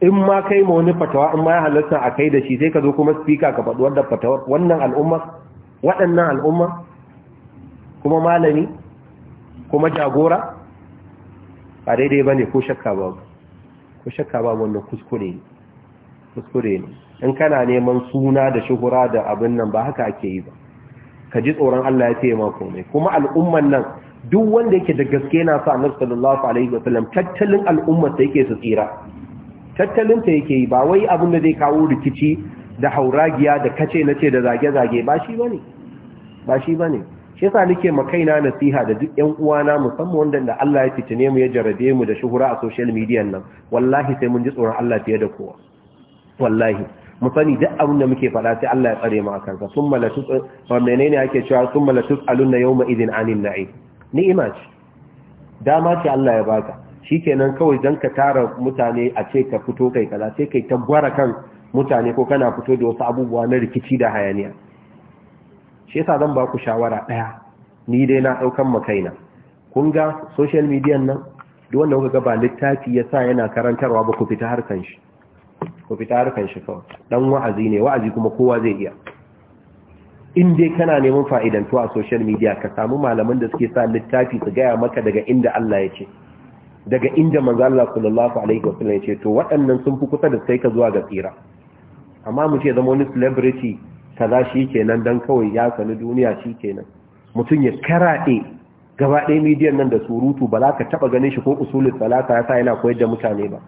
in ma kai ma wani fatawa in ma ya halatta a kai da shi sai ka zo kuma spika ka faɗi wannan fatawa wannan al'umma waɗannan al'umma kuma malami kuma jagora ba daidai ba ne ko shakka ba ko shakka ba wannan kuskure ne kuskure ne in kana neman suna da shuhura da abin nan ba haka ake yi ba ka ji tsoron Allah ya taya ma komai kuma al'umman nan duk wanda yake da gaske na sa annabi sallallahu alaihi wasallam tattalin al'ummar ta yake su tsira tattalin ta yake yi ba wai abin da zai kawo rikici da hauragiya da kace nace da zage zage ba shi bane ba shi bane shi yasa nake ma kaina nasiha da duk ƴan uwana musamman wanda da Allah ya ne mu ya jarabe mu da shuhura a social media nan wallahi sai mun ji tsoron Allah fiye da kowa wallahi mu sani duk abin da muke faɗa sai Allah ya tsare mu akan sa summa la tus menene ake cewa summa la tusaluna yawma idin na'im ni'ima ce dama ce Allah ya baka shikenan kawai dan ka tara mutane a ce ka fito kai kaza sai kai ta gwara kan mutane ko kana fito da wasu abubuwa na rikici da hayaniya shi yasa zan ba ku shawara ɗaya ni dai na ɗaukan makaina kun ga social media nan duk wanda kuka ga ba littafi yasa yana karantarwa ba ku fita harkan shi ku fita harkan shi kawai dan wa'azi ne wa'azi kuma kowa zai iya in dai kana neman to a social media ka samu malaman da suke sa littafi su gaya maka daga inda Allah ya ce daga inda manzo Allah sallallahu alaihi wasallam ya ce to waɗannan sun fi kusa da sai ka zuwa ga tsira amma mu ce zama wani celebrity kaza shi kenan don kawai ya sani duniya shi kenan mutum ya karaɗe gaba ɗaya midiyan nan da surutu ba za ka taɓa ganin shi ko usulun salata ya sa yana koyar da mutane ba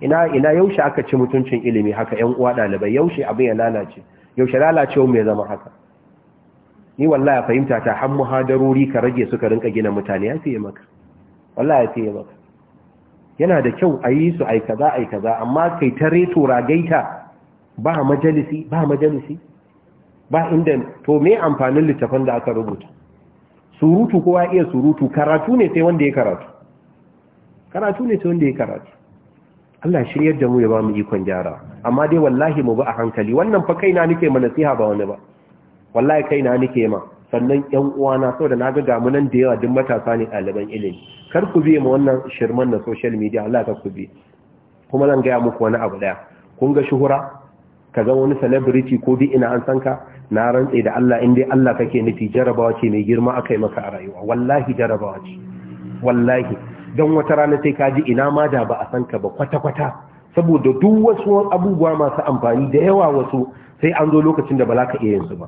ina ina yaushe aka ci mutuncin ilimi haka ƴan uwa ɗalibai yaushe abin ya lalace yaushe lalacewa mai zama haka ni wallahi fahimta ta har muhadarori ka rage suka rinka gina mutane ya fiye maka wallahi ya fiye maka yana da kyau a yi su ai kaza kaza amma kai ta reto ragaita ba majalisi ba majalisi ba inda to me amfanin littafin da aka rubuta surutu kowa iya surutu karatu ne sai wanda ya karatu karatu ne sai wanda ya karatu Allah shiryar da mu ya ba mu ikon gyara amma dai wallahi mu ba a hankali wannan fa kaina nake ma nasiha ba wani ba wallahi kaina nake ma sannan ƴan uwana saboda naga ga mu da yawa duk matasa ne ɗaliban ilimi kar ku biye ma wannan shirman na social media Allah ka ku bi kuma zan gaya muku wani abu daya kun ga shuhura ka ga wani celebrity ko duk ina an san ka na rantse da Allah in dai Allah kake nufi jarabawa ce mai girma akai maka a rayuwa wallahi jarabawa ce wallahi don wata rana sai ka ji ina ma da ba a san ka ba kwata-kwata saboda duk wasu abubuwa masu amfani da yawa wasu sai an zo lokacin da ba za ka iya yin ba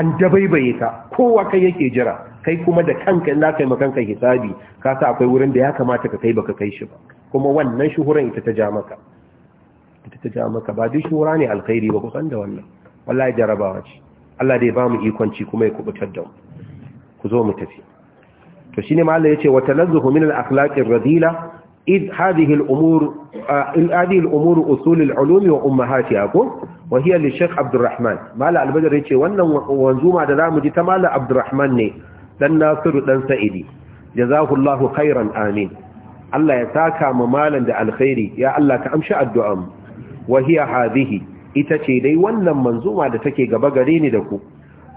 an dabaibaye ka kowa kai yake jira kai kuma da kanka in za ka yi hisabi ka sa akwai wurin da ya kamata ka kai baka kai shi ba kuma wannan shuhuran ita ta ja maka da ta ja maka ba duk shura ne alkhairi ba kusan da wannan wallahi jarabawa ce Allah dai ba mu ikonci kuma ya kubutar da mu ku zo mu tafi to shine mallan yace wa talazzuhu min al-akhlaq ar-radila id hadhihi al-umur ah, in hadhihi al-umur usul al-ulum wa ummahati ko wa hiya li Sheikh Abdurrahman mallan al-Badr yace wannan wanzuma da zamu ji ta Mallam Abdurrahman ne dan Nasiru dan Sa'idi jazakallahu khairan amin Allah ya saka ma malan da alkhairi ya Allah ka amshi addu'an? mu wa hiya hadhihi ita ce dai wannan manzuma da take gaba gare ni da ku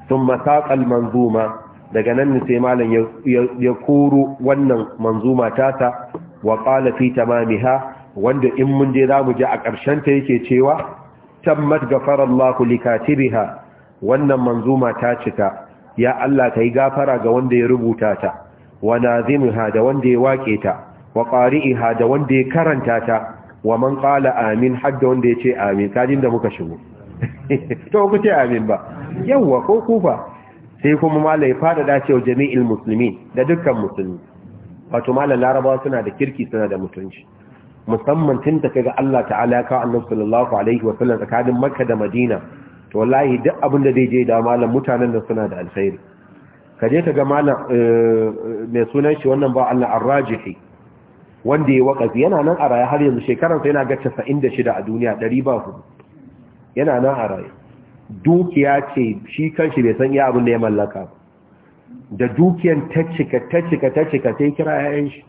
thumma saqal manzuma daga nan ne sai malam ya koro wannan manzuma tasa wa qala fi tamamiha wanda in mun je zamu ji a ƙarshen ta yake cewa tammat ghafarallahu likatibiha wannan manzuma ta cika ya Allah yi gafara ga wanda ya rubuta ta wa nazimha da wanda ya wake ta wa qari'iha da wanda ya karanta ta wa man qala amin hadda wanda yace amin kajin da muka shigo [laughs] to ku ce amin ba yawa ko kufa sai kuma malai fada da cewa jami'il muslimin da dukkan musulmi wato malan larabawa suna da kirki suna da mutunci musamman tun da kaga Allah ta'ala ya kawo annabi sallallahu alaihi wa sallam tsakanin makka da madina to wallahi duk abin da zai je da malam mutanen da suna da alkhairi ka je ka ga malam eh, eh, mai sunan shi wannan ba Allah arrajihi wanda ya wakafi yana nan a raya har yanzu shekararsa yana ga 96 a duniya 100 ba hudu yana nan a raya. dukiya ce shi kanshi bai san iya abin da ya mallaka ba da dukiyan ta cika ta cika ta cika ta yi kira yayin shi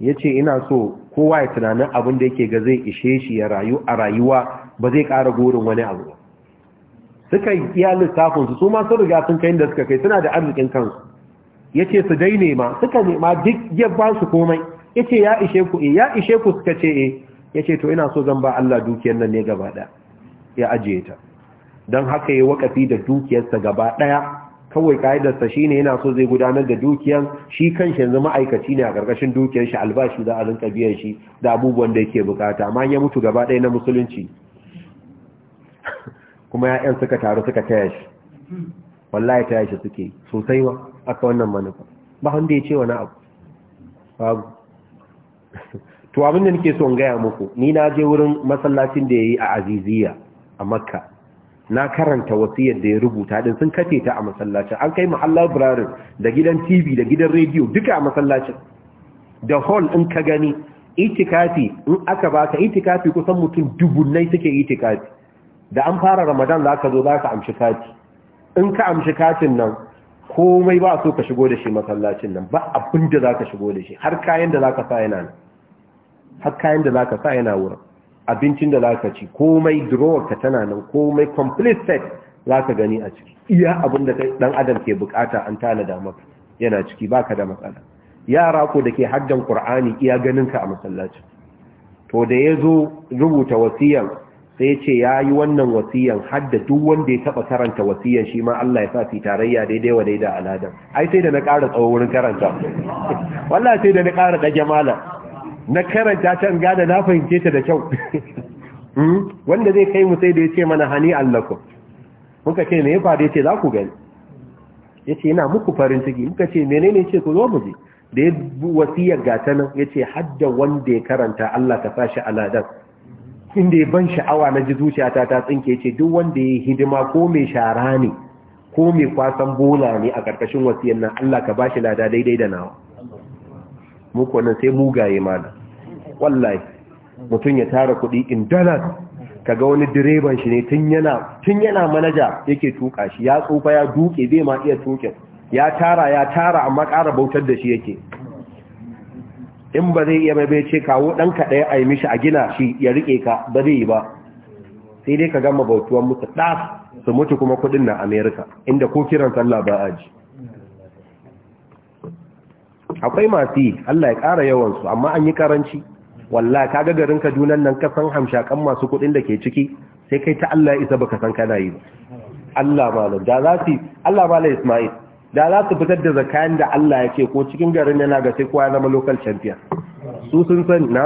ya ce ina so kowa ya tunanin abin da yake ga zai ishe shi ya rayu a rayuwa ba zai ƙara gorin wani abu ba suka yi iya lissafinsu su ma sun riga sun kai da suka kai suna da arzikin kansu ya ce su dai nema suka nema duk ya ba su komai yace ya ishe ku eh ya ishe ku suka ce eh yace to ina so zan ba Allah dukiyar nan ne gaba daya ya ajiye ta don haka ya wakafi da dukiyarsa gaba ɗaya, kawai ka'idarsa ne yana so zai gudanar da dukiyar shi kanshi yanzu ma'aikaci ne a ƙarƙashin dukiyar shi albashi za a rinka biyan shi da abubuwan da yake bukata amma ya mutu gaba ɗaya na musulunci [laughs] kuma ya'yan suka taru suka taya shi wallahi taya shi suke sosai wa aka wannan manufa ba wanda ya ce wani abu to abin da nake so in gaya muku ni na je wurin masallacin da ya yi a aziziya a makka na karanta wasiyar da ya rubuta din sun kace ta a masallacin an kai muhallar birarin da gidan tv da gidan rediyo duka a masallacin da hall in ka gani itikafi in aka baka itikafi kusan mutum dubunnai suke itikafi da an fara ramadan za ka zo za ka amshi kati in ka amshi katin nan komai ba so ka shigo da shi masallacin nan ba abin da za shigo da shi har kayan da za sa yana har kayan da za sa yana wurin abincin da za ci komai drawer ka tana nan komai complete set za gani a ciki iya abin da dan adam ke bukata an tanada maka yana ciki baka da matsala yara ko da ke haddan qur'ani iya ganin ka a masallacin to da ya zo rubuta wasiyar sai ce ya yi wannan wasiyan hadda duk wanda ya taba karanta wasiyan shi ma Allah ya sa tarayya daidai wa daidai a ladan ai sai da na ƙara tsawo wurin karanta [laughs] wallahi sai da na ƙara ɗage malam na karanta can, gada na fahimce ta da kyau [laughs] hmm? wanda zai kai mu sai da ya ce mana hani allakum muka ce me ya faru ya ce za ku gani ya ce yana muku farin ciki muka ce menene ce ku zo mu je da ya wasiyar gata nan ya ce hadda wanda ya karanta Allah ka sa shi a ladan inda ya ban sha'awa na ji zuciyata ta tsinke ce duk wanda ya yi hidima ko mai shara ne ko mai kwasan bola ne a ƙarƙashin wasiyan nan Allah ka ba shi lada daidai da nawa muku wannan sai mugaye mana wallahi mutum ya tara kuɗi in dalar ga wani direban shi ne tun yana manaja yake tuka shi ya tsufa ya duke bai ma iya tuke ya tara ya tara amma ƙara bautar da shi yake in ba zai iya bai ce kawo ɗan ɗaya a yi mishi a gina shi ya riƙe ka ba zai yi ba sai dai ka gama bautuwan mutu ɗas su mutu kuma kuɗin na amerika inda ko kiran sallah ba a ji akwai masu yi allah ya ƙara yawansu amma an yi ƙaranci walla ka ga garin kaduna nan ka san hamshakan masu kuɗin da ke ciki sai kai ta allah ya isa baka san kana yi ba allah malam da za su allah ismail da za su fitar da zakayan da Allah ya ce ko cikin garin yana ga sai kowa zama local champion su sun san na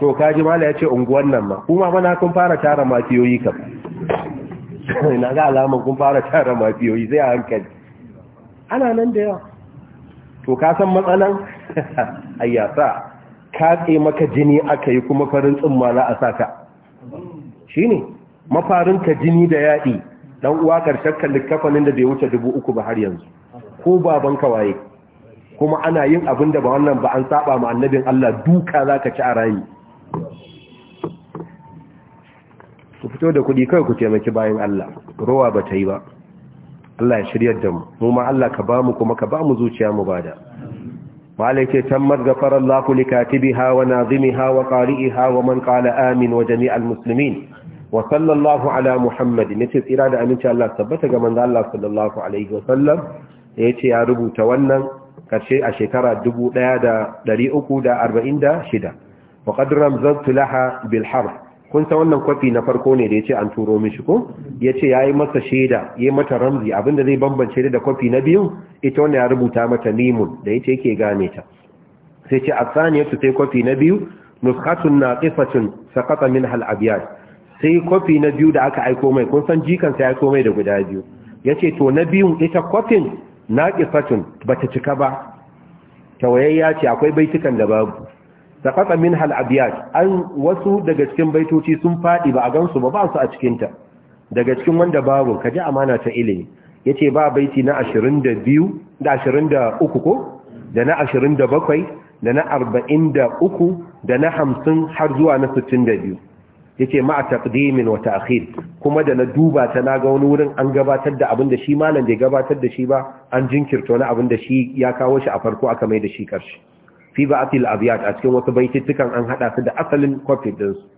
to kaji mala ya ce unguwan nan ma kuma mana kun fara tara mafiyoyi kam [laughs] na ga alama kun fara tara mafiyoyi sai a hankali ana nan da yawa to ka san matsalan ayyasa [laughs] tsaye maka jini aka yi kuma farin tsimma za a saka shine mafarin ka jini da yaɗi dan uwa karshen kallon kafanin da bai wuce dubu uku ba har yanzu ko baban kawaye kuma ana yin abin da ba wannan ba an saba ma annabin Allah duka za ka ci a rayu ku fito da kuɗi kawai ku taimaki bayan Allah rowa ba ta yi ba Allah ya shirya da mu mu ma Allah ka bamu kuma ka bamu zuciya mu bada malike tammat ghafara Allah li katibiha wa nazimiha wa qari'iha wa man qala amin wa jami'al muslimin wa sallallahu ala muhammad ne ce tsira da aminci Allah tabbata ga manzo Allah sallallahu alaihi wa sallam da yace ya rubuta wannan karshe a shekara 1346 wa qad ramzatu laha bil harf kun san wannan kwafi na farko ne da ce an turo mishi ko yace yayi masa ya yayi mata ramzi abinda zai bambance da kwafi na biyu ita ya rubuta mata mimun da yace yake gane ta sai ce a saniyatu sai kwafi na biyu na naqifatun saqata min hal abyad sai kwafi na biyu da aka aiko mai kun san jikan sai aiko mai da guda biyu yace to na biyun ita kwafin ba ta cika ba tawayayya ce akwai baitukan da babu fata min hal abiyat an wasu daga cikin baitoci sun faɗi ba a gansu ba ba su a cikin ta daga cikin wanda babu ka ji amana ta ilimi yace ba baiti na 22 da 23 ko da na 27 da na 43 da na 50 har zuwa na 62 yace ma taqdimin wa ta'khir kuma da na duba ta naga wani wurin an gabatar da abin da shi malam bai gabatar da shi ba an jinkirta wani abin da shi ya kawo shi a farko aka mai da shi karshe fi ba'atil abyat a cikin wasu baitittukan an hada su da asalin copy din su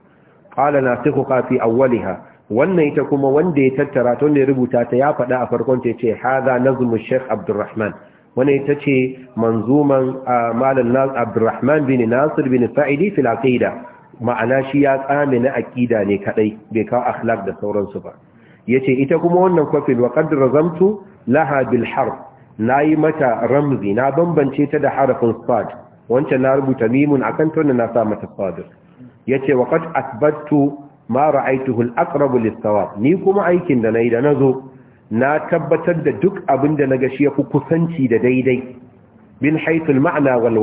qala nasikhu fi awwaliha wannan ita kuma wanda ya tattara ta wanda ya rubuta ta ya faɗa a farkon ta yace hadha nazmu shaykh abdurrahman wannan ita ce manzuman ah, malam abdurrahman bin nasir bin sa'idi fil ma'ana shi ya tsame na aƙida ne kaɗai bai kawo akhlaq da sauransu ba ya ce ita kuma wannan kwafin wa ƙaddara zamtu laha bil na yi mata ramzi na bambance ta da harafin sad wancan na rubuta mimun kan tona na sa mata sadir ya ce wa qad asbattu ma ra'aytuhu aqrabu ni kuma aikin da na yi da nazo na tabbatar da duk abin da ga shi yafi kusanci da daidai bin haifin ma'ana mana wal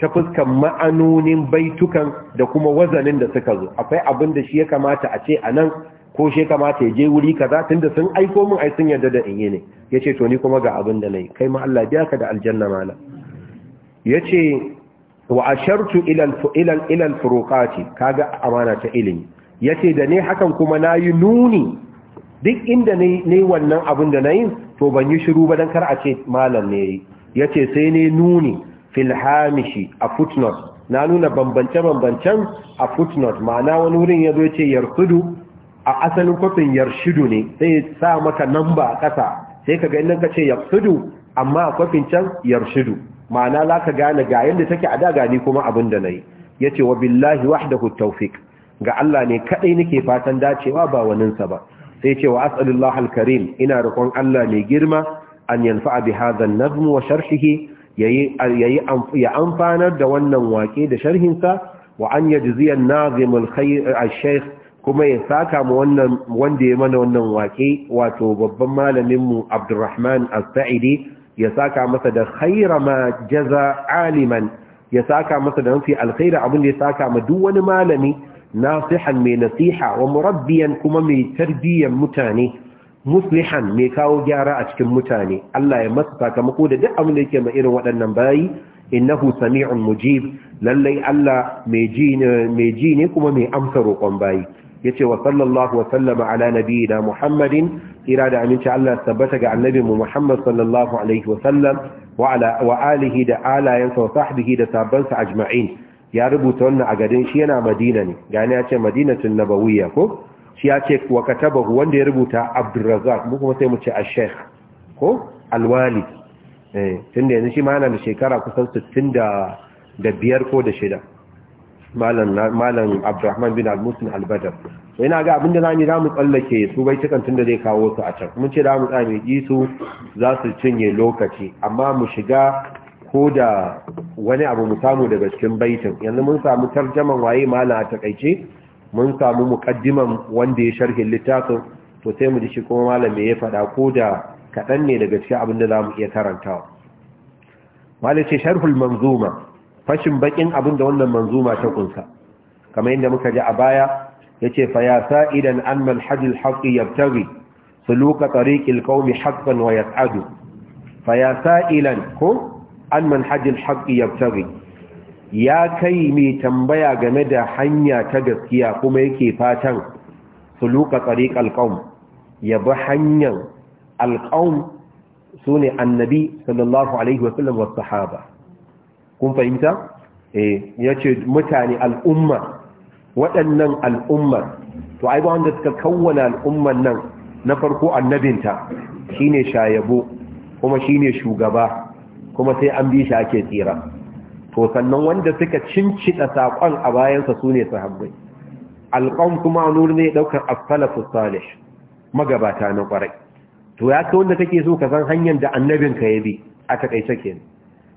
ta fuskan ma'anonin baitukan da kuma wazanin da suka zo akwai abin da shi ya kamata a ce a ko shi ya kamata ya je wuri kaza tunda sun aiko min ai sun yarda da in yi ne yace to ni kuma ga abin da nayi kai ma Allah biya ka da aljanna mala yace wa ashartu ila ila ila kaga amana ta ilimi yace da ne hakan kuma nayi nuni duk inda ne wannan abin da nayi to ban yi shiru ba dan kar a ce malam ne yayi yace sai ne nuni fil hamishi a footnote na nuna bambance-bambancen a footnote ma'ana wani wurin ya zo ce yarsudu a asalin kwafin yarsudu ne sai sa maka namba a ƙasa sai ka gani nan ka ce yarsudu amma a kwafin can yarsudu ma'ana za ka gane ga yadda take a daga ni kuma abin da na yi ya ce wa billahi wahdahu tawfiq ga Allah ne kaɗai nake fatan dacewa ba waninsa ba sai ce wa asalin lahal karim ina roƙon Allah mai girma an yanfa'a bi hadha an-nazm wa sharhihi ya amfanar da wannan wake da sharhinsa wa an ya jiziyar nazimul sheikh kuma ya saka mu wanda ya mana wannan wake wato babban malaminmu abdurrahman as-sa'idi ya saka masa da khaira ma jaza aliman ya saka masa da mafi alkhaira abinda ya saka ma duk wani malami nasihan mai nasiha wa murabbiyan kuma mai tarbiyyar mutane muslihan mai kawo gyara a cikin mutane Allah ya masa sakamako da duk abin da yake ma irin waɗannan bayi innahu sami'un mujib lallai Allah mai ji ne ji kuma mai amsa roƙon bayi yace wa sallallahu wa sallama ala nabiyina Muhammadin ira da aminci Allah tabbata ga annabi mu Muhammad sallallahu alaihi wa sallam wa ala wa alihi da alayansa wa sahbihi da sabansa ajma'in ya rubuta wannan a shi yana Madina ne gani ya ce Madinatul Nabawiyya ko shi ya ce wa katabahu wanda ya rubuta abdurrazak mu kuma sai mu ce ash ko alwali tun eh, tunda yanzu shi ma yana da shekara kusan sittin da biyar ko da shida malam abdurrahman bin al musin al-badr to ina ga abinda za mu tsallake su bai tun tunda zai kawo su a can mun ce mu tsame ji su za su cinye lokaci amma mu shiga ko da wani abu mu samu daga cikin baitin yanzu mun samu tarjaman waye malam a takaice mun samu muƙaddiman wanda ya sharhi littafin to sai mu ji shi kuma malami ya faɗa ko da kaɗan ne daga cikin abin da za mu iya karantawa malai ce sharhul manzuma fashin bakin abin da wannan manzuma ta kunsa kamar yadda muka ji a baya yace fa ya sa'idan an manhajul haqqi yabtaghi suluka tariqil qaumi haqqan wa yas'adu fa ya ilan ko an manhajul haqqi yabtaghi ya kai mai tambaya game da hanya ta gaskiya kuma yake fatan suluka tariq alqaum ya bi hanyar su ne annabi sallallahu alaihi wasallam wasu sahaba kun fahimta eh yace mutane al'umma waɗannan al'umma, to ai ba wanda suka kawwana al'ummar nan na farko annabinta shine shayabo kuma shine shugaba kuma sai an bi shi ake tsira to sannan wanda suka cincida sakon a bayansa su ne sahabbai alƙawun kuma nur ne ɗaukar asfalafu salih magabata na ƙwarai to ya ka wanda kake so ka san hanyar da annabinka ya bi a taƙaice ke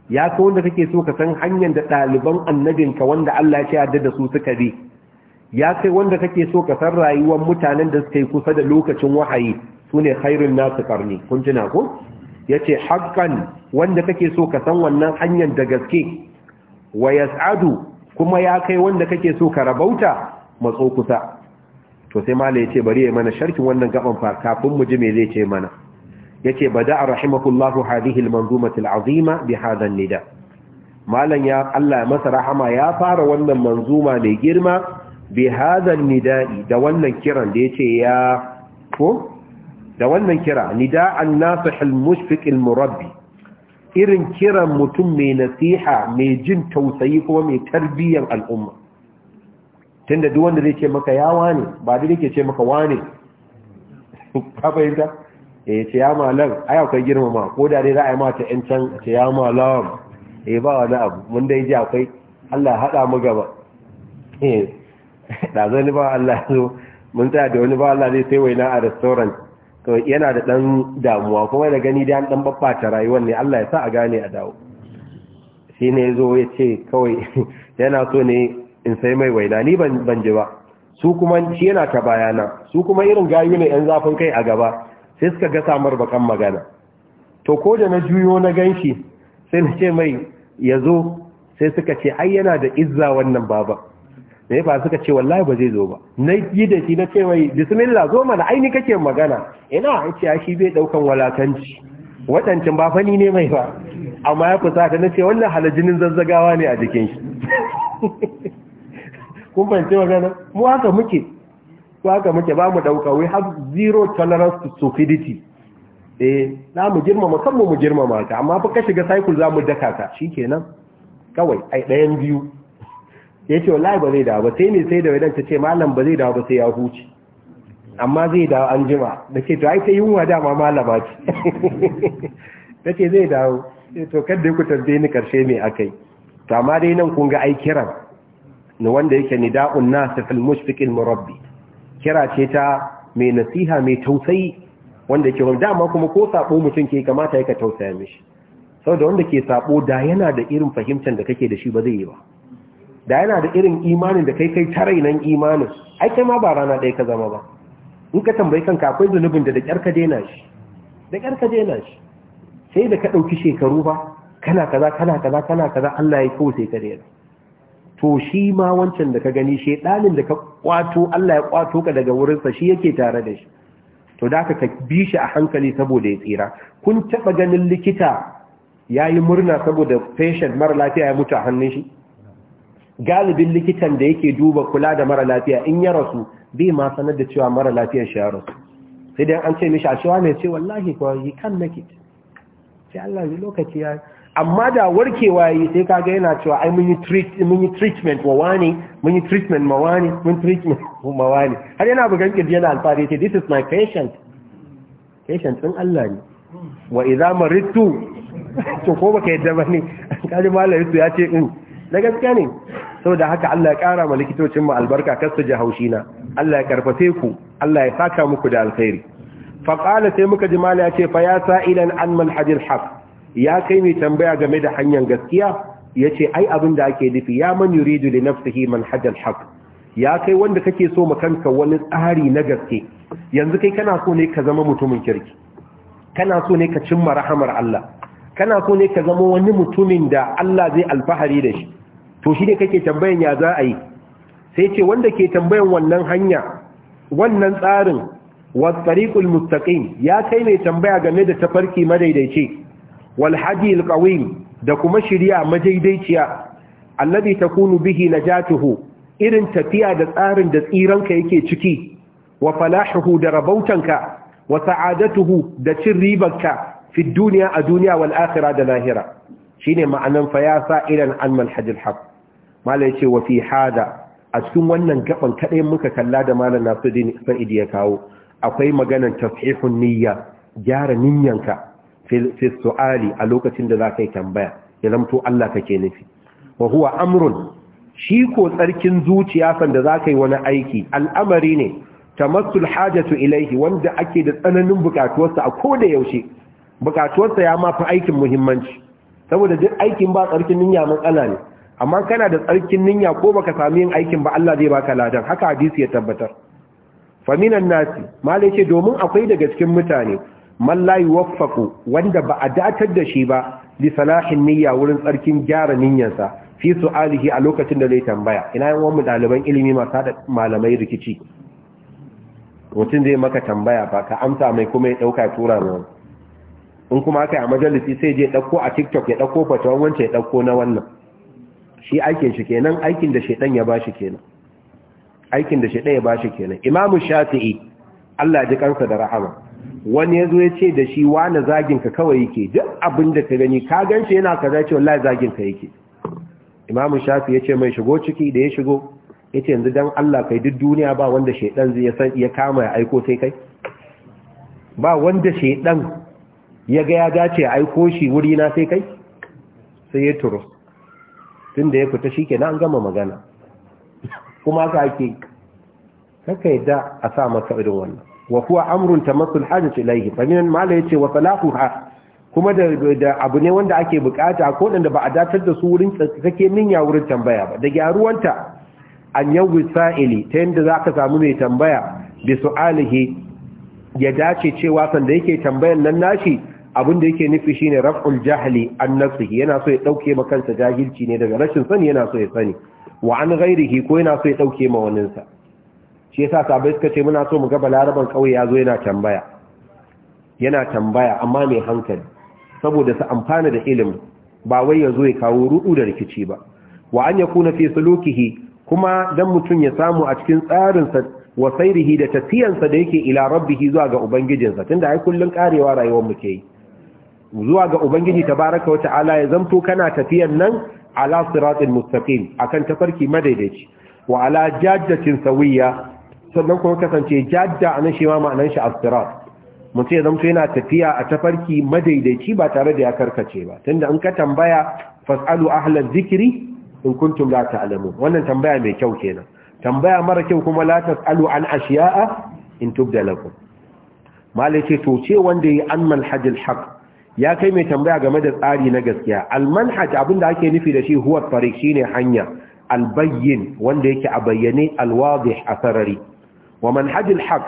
ya ka wanda kake so ka san hanyar da ɗaliban annabinka wanda Allah ya yarda da su suka bi ya sai wanda kake so ka san rayuwar mutanen da suka yi kusa da lokacin wahayi su ne khairun nasu ƙarni kun jina ko ya ce haƙƙan wanda kake so ka san wannan hanyar da gaske wa yas'adu kuma ya kai wanda kake so ka rabauta matso kusa to sai mala yace bari ya mana sharkin wannan gaban fa kafin mu ji me zai ce mana yace bada rahimahullahu hadhihi al-manzumati al-azima bi hadha nida ya Allah ya masa rahama ya fara wannan manzuma mai girma bi hadha da wannan kiran da yace ya ko da wannan kira nida'an nasih al-mushfiq murabbi irin kiran mutum mai nasiha mai jin tausayi kuma mai tarbiyyar al'umma tunda duk wanda zai ce maka ya wane ba da yake ce maka wane [laughs] ka fahimta eh ce ya malam ai akwai girmama ko da dai za a yi mata yan can ce ya malam eh ba wani abu mun dai ji akwai Allah haɗa mu gaba eh [laughs] ba Allah zo mun tsaya da wani ba Allah zai sai waina a restaurant to yana da dan damuwa kuma da gani da dan babbata rayuwar ne Allah ya sa a gane a dawo shi ne zo ya ce kawai [laughs] yana so ne in sai mai waina ni ban ji ba su kuma shi yana ta bayana su kuma irin gayu ne yan zafin kai a gaba sai suka ga samar bakan magana to ko da na juyo na ganshi sai na ce mai ya zo sai suka ce ai yana da izza wannan baba da ya ba suka ce wallahi ba zai zo ba na yi da shi na ce bismillah zo mana aini kake magana ina an ce shi bai daukan walakanci Wadancin ba fani ne mai ba amma ya kusa ta na ce wannan halajinin zazzagawa ne a jikin shi [laughs] kun fahimci magana mu haka muke ko haka muke ba mu dauka we have zero tolerance to stupidity eh na mu girmama kanmu mu girmama ka amma fa ka shiga cycle za mu daka ka shikenan kawai ai dayan biyu ya ce wallahi ba zai dawo ba sai ne sai da wadanta ta ce malam ba zai dawo ba sai ya huce amma zai dawo an jima da ke to ai yunwa dama malama ce da [laughs] ce zai dawo to kadda ku tambaye ni karshe mai akai to amma dai nan kun ga ai kiran ni wanda yake ni da'un nasa fil mushfiqil murabbi kira ce ta mai nasiha mai tausayi wanda ke wanda dama kuma ko sabo mutum ke kamata yaka tausaya mishi saboda wanda ke sabo da yana da irin fahimtar da kake da shi ba zai yi ba da yana da irin imanin da kai kai tarai nan imanin ai kai ma ba rana ɗaya ka zama ba in ka tambayi kanka akwai zunubin da da ƙyar ka daina shi da ƙyar ka dena shi sai da ka ɗauki shekaru ba kana kaza kana kaza kana kaza Allah ya kawo ka daina to shi ma wancan da ka gani ɗalin da ka kwato Allah ya kwato ka daga wurinsa shi yake tare da shi to da ka bi shi a hankali saboda ya tsira kun taɓa ganin likita yayi murna saboda patient mara lafiya ya mutu a hannun shi galibin likitan da yake duba kula da mara lafiya in ya rasu bai ma sanar da cewa mara lafiyar shi ya rasu sai dai an ce mishi a cewa mai ce wallahi ko yi kan naki sai Allah ya lokaci ya amma da warkewa yi sai kaga yana cewa ai mun yi treat mun yi treatment wa wani mun yi treatment ma wani mun treatment ma wani har yana bugan kirji yana alfahari ce this is my patient patient din Allah ne wa idza maritu [laughs] to ko baka yadda bane [laughs] kaji malamin ya ce in mm. da gaskiya ne saboda haka Allah ya kara ma likitocin mu albarka kar su ji haushi na Allah ya karfafe ku Allah ya saka muku da alkhairi fa qala sai muka ji ya ce fa ya sa'ilan an manhajil haq ya kai mai tambaya game da hanyar gaskiya yace ai abin da ake nufi ya man yuridu li nafsihi manhajal haq ya kai wanda kake so ma kanka wani tsari na gaske yanzu kai kana so ne ka zama mutumin kirki kana so ne ka cimma rahamar Allah kana so ne ka zama wani mutumin da Allah zai alfahari da shi to shi ne kake tambayan ya za a yi sai ce wanda ke tambayan wannan hanya wannan tsarin wasariqul mustaqim ya kai mai tambaya game da tafarki madaidaici wal hadi da kuma shiriya madaidaiciya ta takunu bihi na najatuhu irin tafiya da tsarin da tsiranka yake ciki wa falahuhu da rabautanka wa sa'adatuhu da cin ribarka fi duniya a duniya wal akhirah da lahira shine ma'anan fa ya sa idan an manhajil haq malai ce wa fi hada a cikin wannan gaban kadai muka kalla da malam Nasiruddin Sa'idi ya kawo akwai maganar tashihun niyya gyara niyyanka fi su'ali a lokacin da zaka yi tambaya ya zamto Allah kake nufi wa huwa amrun shi ko tsarkin zuciya sanda zaka yi wani aiki al'amari ne tamassul hajatu ilaihi wanda ake da tsananin bukatuwarsa a koda yaushe bukatuwarsa ya mafi aikin muhimmanci saboda duk aikin ba tsarkin niyya matsala ne amma kana da tsarkin niyya ko baka sami yin aikin ba Allah zai baka ladan haka hadisi ya tabbatar faminan nasi malai ce domin akwai daga cikin mutane man la wanda ba a datar da shi ba li salahin niyya wurin tsarkin gyara niyyarsa fi Alihi a lokacin da zai tambaya ina yan wani daliban ilimi masu da malamai rikici mutum zai maka tambaya ba ka amsa mai kuma ya dauka tura mai in kuma aka yi a majalisi sai je ɗauko a tiktok ya ɗauko fatawan wancan ya ɗauko na wannan shi aikin shi kenan aikin da shaidan ya ba shi kenan aikin da shaidan ya ba shi kenan imamu shafi'i Allah ji kansa da rahama wani ya zo ya ce da shi wani zagin ka kawai yake duk abin da ka gani ka ganshi yana kaza ce wallahi zagin ka yake imamu shafi ya ce mai shigo ciki da ya shigo ya ce yanzu don Allah kai duk duniya ba wanda shaidan zai ya kama ya aiko sai kai ba wanda shaidan ya ga ya dace aiko shi wuri na sai kai sai ya turu tun da ya fita shi ke an gama magana kuma ka ake kaka yadda a sa masa irin wannan wa kuwa ta masu hajjat ilayhi fa min mala ce wa ha kuma da abu ne wanda ake bukata ko da ba a datar da su wurin take ninya wurin tambaya ba da gyaruwanta an yau wisa'ili ta yadda za ka samu mai tambaya bisu Alihi ya dace cewa sanda yake tambayan nan nashi abin da yake nufi shine raf'ul jahli an nafsihi yana so ya dauke ma kansa jahilci ne daga rashin sani yana so ya sani wa an ghairihi ko yana so ya dauke ma wanin sa shi yasa sabai suka ce muna so mu ga balaraban kauye yazo yana tambaya yana tambaya amma mai hankali saboda su amfana da ilimi ba wai yazo ya kawo rudu da rikici ba wa an yakuna fi sulukihi kuma dan mutun ya samu a cikin tsarin sa wa sairihi da tafiyansa da yake ila rabbihi zuwa ga ubangijinsa tunda ai kullun karewa rayuwar mu ke yi zuwa ga ubangiji tabaraka wa ta'ala ya zamto kana tafiyan nan ala siratin mustaqim akan tafarki madaidaici wa ala jajjatin sawiyya sannan kuma kasance jajja nan shi ma ma'anan shi as-sirat mutum ya zamto yana tafiya a tafarki madaidaici ba tare da ya karkace ba tunda in ka tambaya fasalu ahla zikiri in kuntum la ta'lamun wannan tambaya mai kyau kenan tambaya mara kyau kuma la tasalu an ashiya'a in tubda lakum malai ce to ce wanda yi an manhajil haq ya kai mai tambaya game da tsari na gaskiya almanhaj abinda ake nufi da shi huwa tariq shine hanya albayyin wanda yake a bayyane alwadih a sarari wa manhajul haq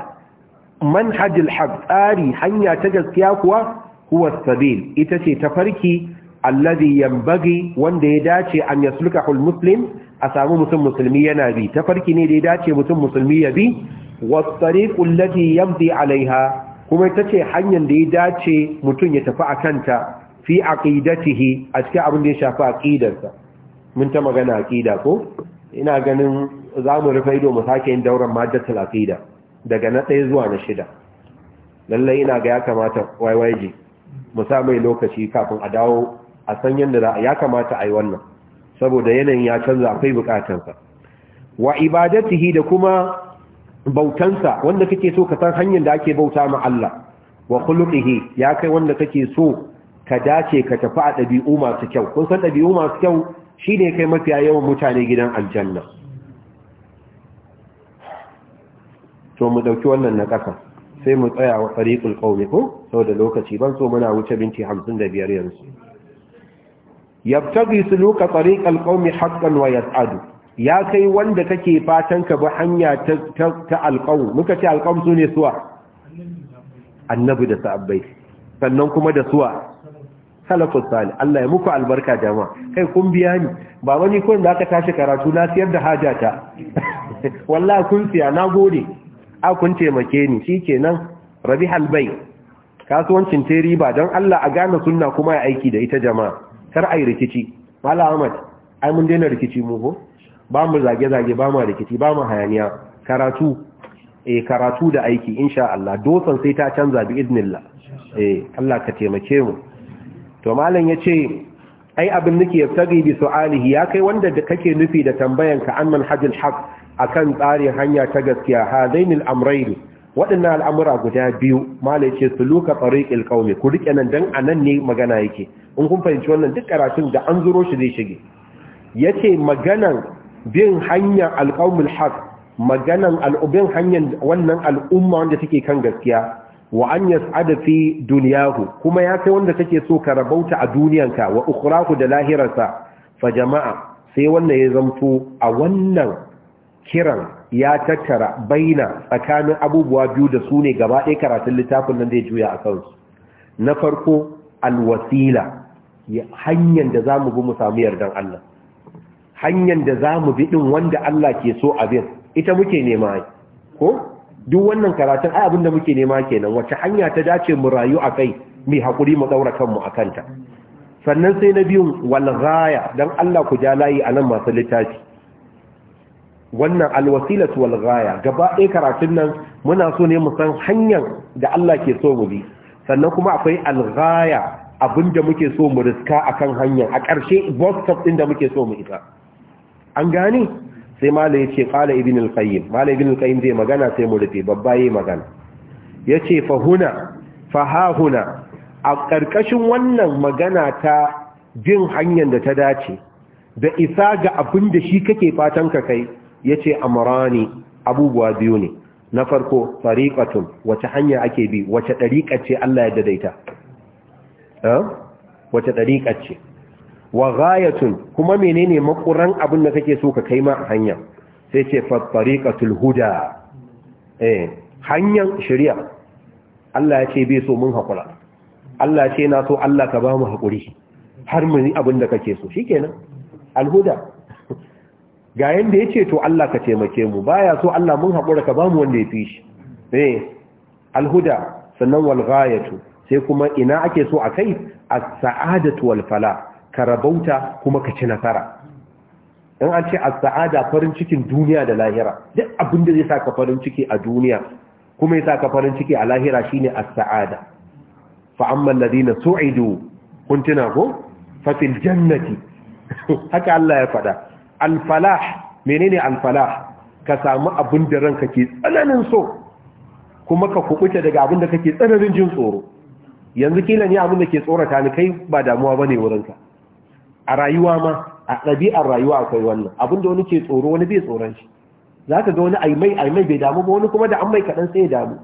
manhajul haq tsari hanya ta gaskiya kuwa huwa sabil ita ce tafarki alladhi yanbaghi wanda ya dace an yaslukahu almuslim a samu mutum musulmi yana bi tafarki ne da ya dace mutum musulmi ya bi was tariqul ladhi yamdi alaiha kuma ita ce hanyar da ya dace mutum ya tafi a kanta fi ƙidatihi a cikin abin da ya shafi a ƙidarsa. mun ta magana a ƙida, ko ina ganin za mu rufe ido mu sake yin dauran majalisar ƙida daga na ɗaya zuwa na shida lallai ina ga ya kamata yyg mu sa mai lokaci kafin a dawo a san yadda ya kamata a yi wannan saboda yanayin ya canza akwai bukatarsa wa ibadatihi da kuma bautansa wanda kake so ka san hanyar da ake bauta ma Allah wa khuluqihi ya kai wanda kake so ka dace ka tafi a dabi'u masu kyau kun san dabi'u masu kyau shine kai mafiya yawan mutane gidan aljanna to mu dauki wannan na ƙasa sai mu tsaya wa fariqul qawmi ko saboda lokaci ban so muna wuce binti 55 yanzu yabtaghi suluka tariqal qawmi haqqan wa yas'adu ya kai wanda kake fatan ka bi hanya ta alƙawu muka ce alƙawu su suwa annabi da sahabbai sannan kuma da suwa salafus salih Allah ya muku albarka jama'a kai kun biya ni ba wani kun da aka tashi karatu na siyar da hajata [laughs] wallahi kun siya na gode a kun taimake ni shikenan rabihal bay kasuwancin ta riba don Allah a gane sunna kuma ya aiki da ita jama'a kar ai rikici malam Ahmad ai mun daina rikici mu ko ba mu zage-zage ba mu rikici ba mu hayaniya karatu eh karatu da aiki insha Allah dosan sai ta canza bi idnillah eh Allah ka taimake mu to malam yace ai abin nake yaftagi bi su'alihi ya kai wanda da kake nufi da tambayan ka an manhajul haq akan tsarin hanya ta gaskiya hadainil amrayn waɗannan al'amura guda biyu ya ce suluka luka qaumi ku rike nan dan a nan ne magana yake in kun fahimci wannan duk karatun da an zuro shi zai shige ya maganan bin hanyar alƙawmul haq maganan al'ubin hanyar wannan al'umma wanda take kan gaskiya wa an yas'ada fi dunyahu kuma ya kai wanda take so ka rabauta a duniyanka wa ukhrahu da lahirarsa fa jama'a sai wanda ya zamto a wannan kiran ya tattara baina tsakanin abubuwa biyu da su ne gaba ɗaya karatun littafin nan zai juya a kansu na farko alwasila hanyar da za mu bi mu samu yardan Allah hanyar da za mu biɗin wanda Allah ke so abin ita muke nema ko duk wannan karatun ai abin muke nema kenan wacce hanya ta dace mu rayu a kai mai haƙuri mu ɗaura kanmu a kanta sannan sai na biyun walraya, don Allah ku ja layi a nan masu littafi wannan alwasilatu walraya, gaba ɗaya karatun nan muna so ne mu san hanyar da Allah ke so mu bi sannan kuma akwai alraya abinda muke so mu riska akan hanyar a ƙarshe bus stop ɗin da muke so mu isa an gane sai malai ya ce ƙala ibn al-qayyim malai ibn al-qayyim zai magana sai mu rufe babba yayi magana yace fa huna fa ha huna a ƙarƙashin wannan magana ta jin hanyar da ta dace da isa ga abin da shi kake fatan ka kai yace amrani abubuwa biyu ne na farko tariqatun wace hanya ake bi wace dariƙa ce Allah ya daidaita eh wace dariƙa ce wa ghayatun kuma menene makuran abin da kake so ka kai ma hanya sai ce fa tariqatul huda eh hanyar shari'a Allah ya ce bai so mun hakura Allah ya ce na so Allah ka ba mu hakuri har mu yi abin da kake so shikenan alhuda [laughs] ga yanda yace to Allah ka taimake mu baya so Allah mun hakura ka ba mu wanda yafi shi eh alhuda sannan wal ghayatu sai kuma ina ake so akai as-sa'adatu wal falah ka rabauta kuma ka ci nasara in an ce a sa'ada farin cikin duniya da lahira duk abin da zai sa ka farin ciki a duniya kuma ya sa ka farin ciki a lahira shine a sa'ada fa amma su'idu kun tuna ko fafil jannati [laughs] haka Allah ya faɗa al falah menene al ka samu abin da ranka ke tsananin so kuma ka kubuta daga abin da kake tsananin jin tsoro yanzu kila ne abin da ke tsorata ni kai ba damuwa bane wurinka a rayuwa ma a ɗabi'ar rayuwa akwai wannan abin da wani ke tsoro wani bai tsoron shi za ka ga wani aimai aimai bai damu ba wani kuma da an mai kaɗan sai ya damu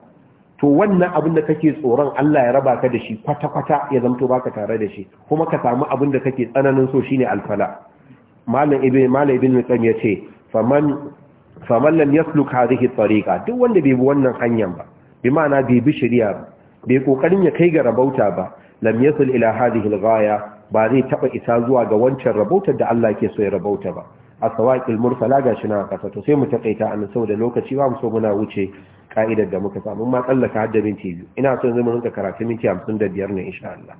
to wannan abin da kake tsoron Allah ya raba ka da shi kwata-kwata ya zamto baka tare da shi kuma ka samu abin da kake tsananin so shine alfala malam ibn malam ibn mutsam yace faman faman lam yasluk hadhihi tariqa duk wanda bai bi wannan hanyar ba bi ma'ana bai bi shari'a ba bai kokarin ya kai ga rabauta ba lam yasil ila hadhihi alghaya ba zai taba isa zuwa ga wancan rabautar da Allah ke so ya rabauta ba a sawaqil mursala gashi na kasa to sai mu takaita an saboda lokaci ba mu so muna wuce ka'idar da muka samu ma tsallaka hadda minti biyu ina so zan zama rinka karatu minti 55 ne insha Allah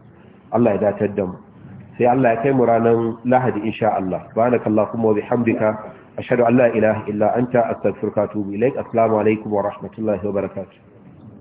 Allah ya datar da mu sai Allah ya kai mu ranan Lahadi insha Allah barakallahi wa bihamdika ashhadu an la ilaha illa anta astaghfiruka wa atubu ilaik assalamu alaikum wa rahmatullahi wa barakatuh